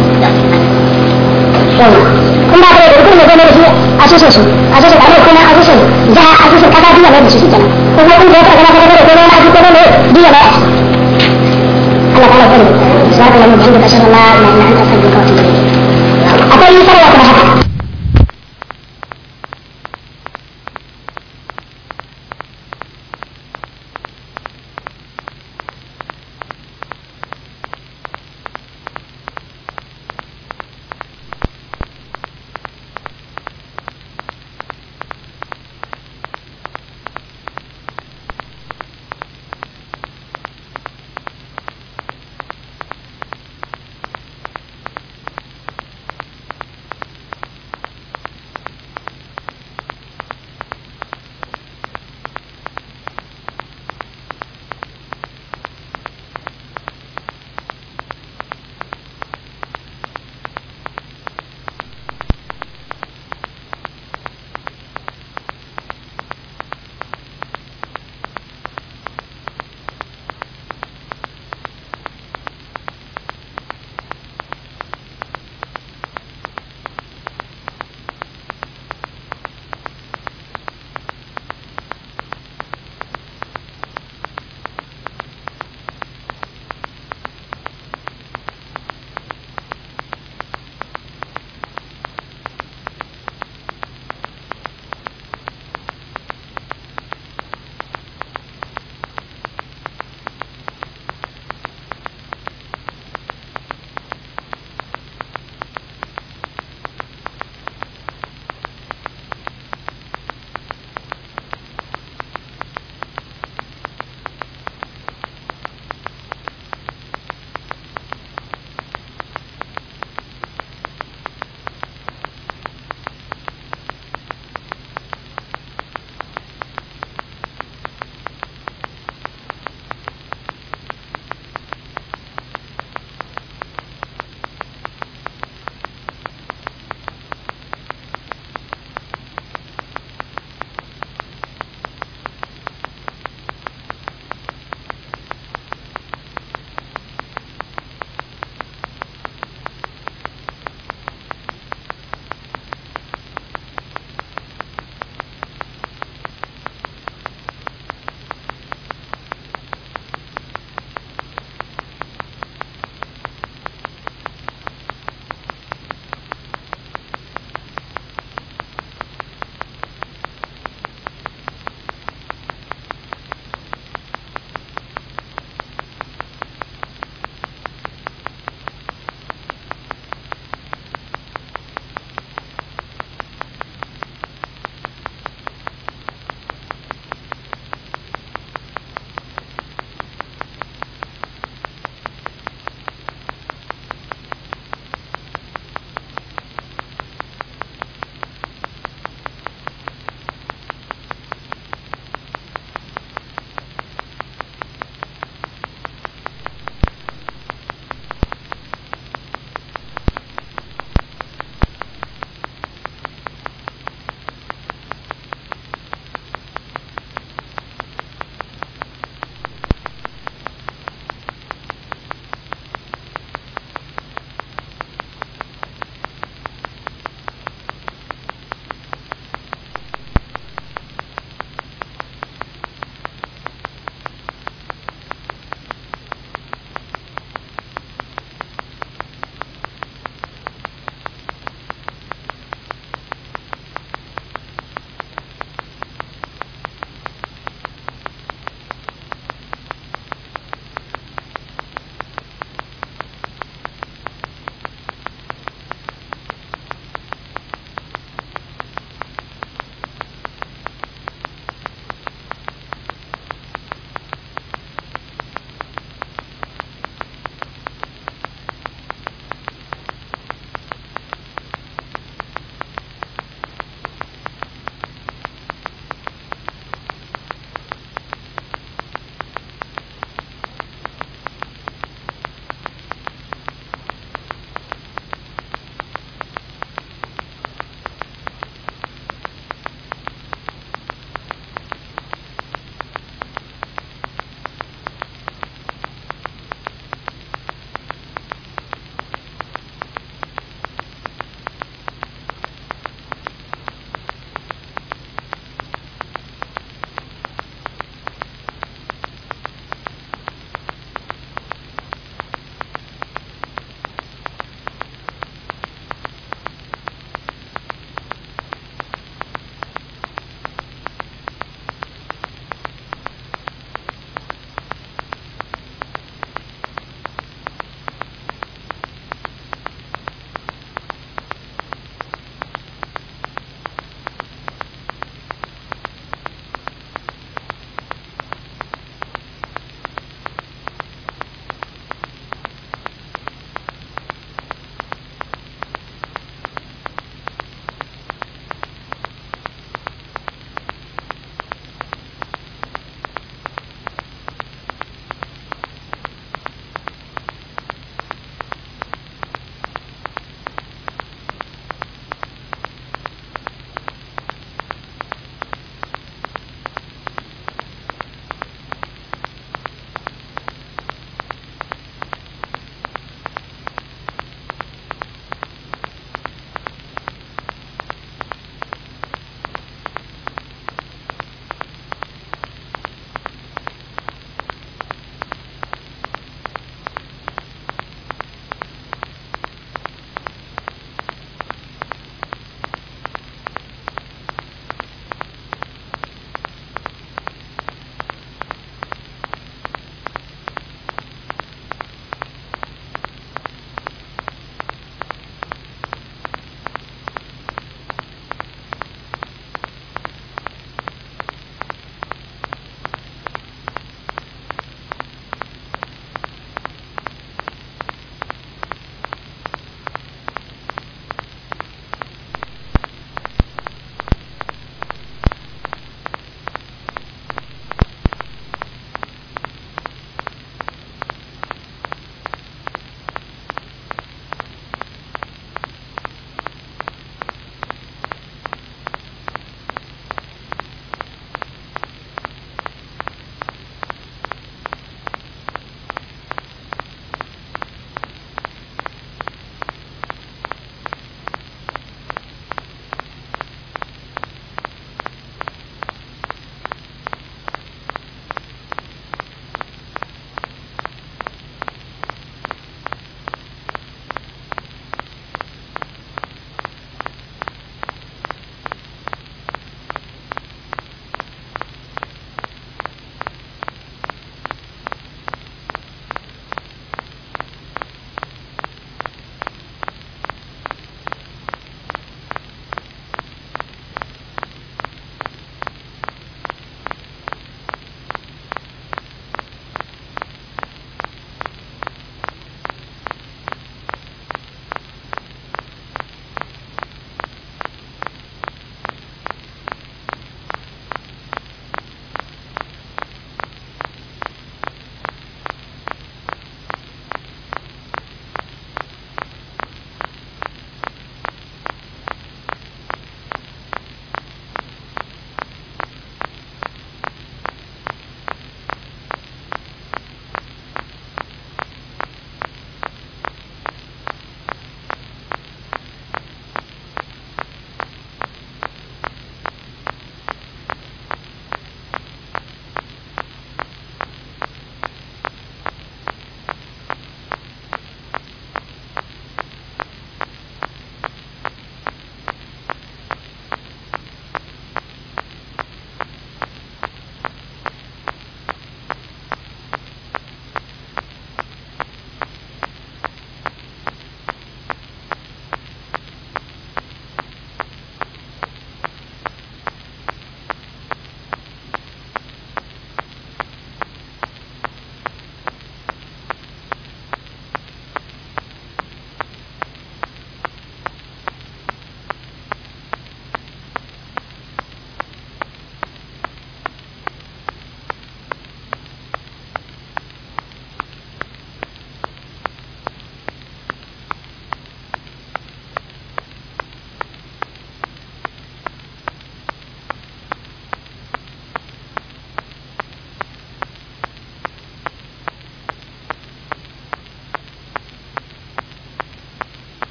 Speaker 1: yau ba ka da kuma da zama da shi a su su a su su kare kuma a su su za a su su kaza biya mai da shi kenan kuma in da ya kaga kaga da kuma na ji kuma ne biya mai Allah ta'ala kare subhanallahi wa bihamdihi ashhadu an la ilaha illa anta astaghfiruka wa atubu ilayk akwai sarwa kuma haka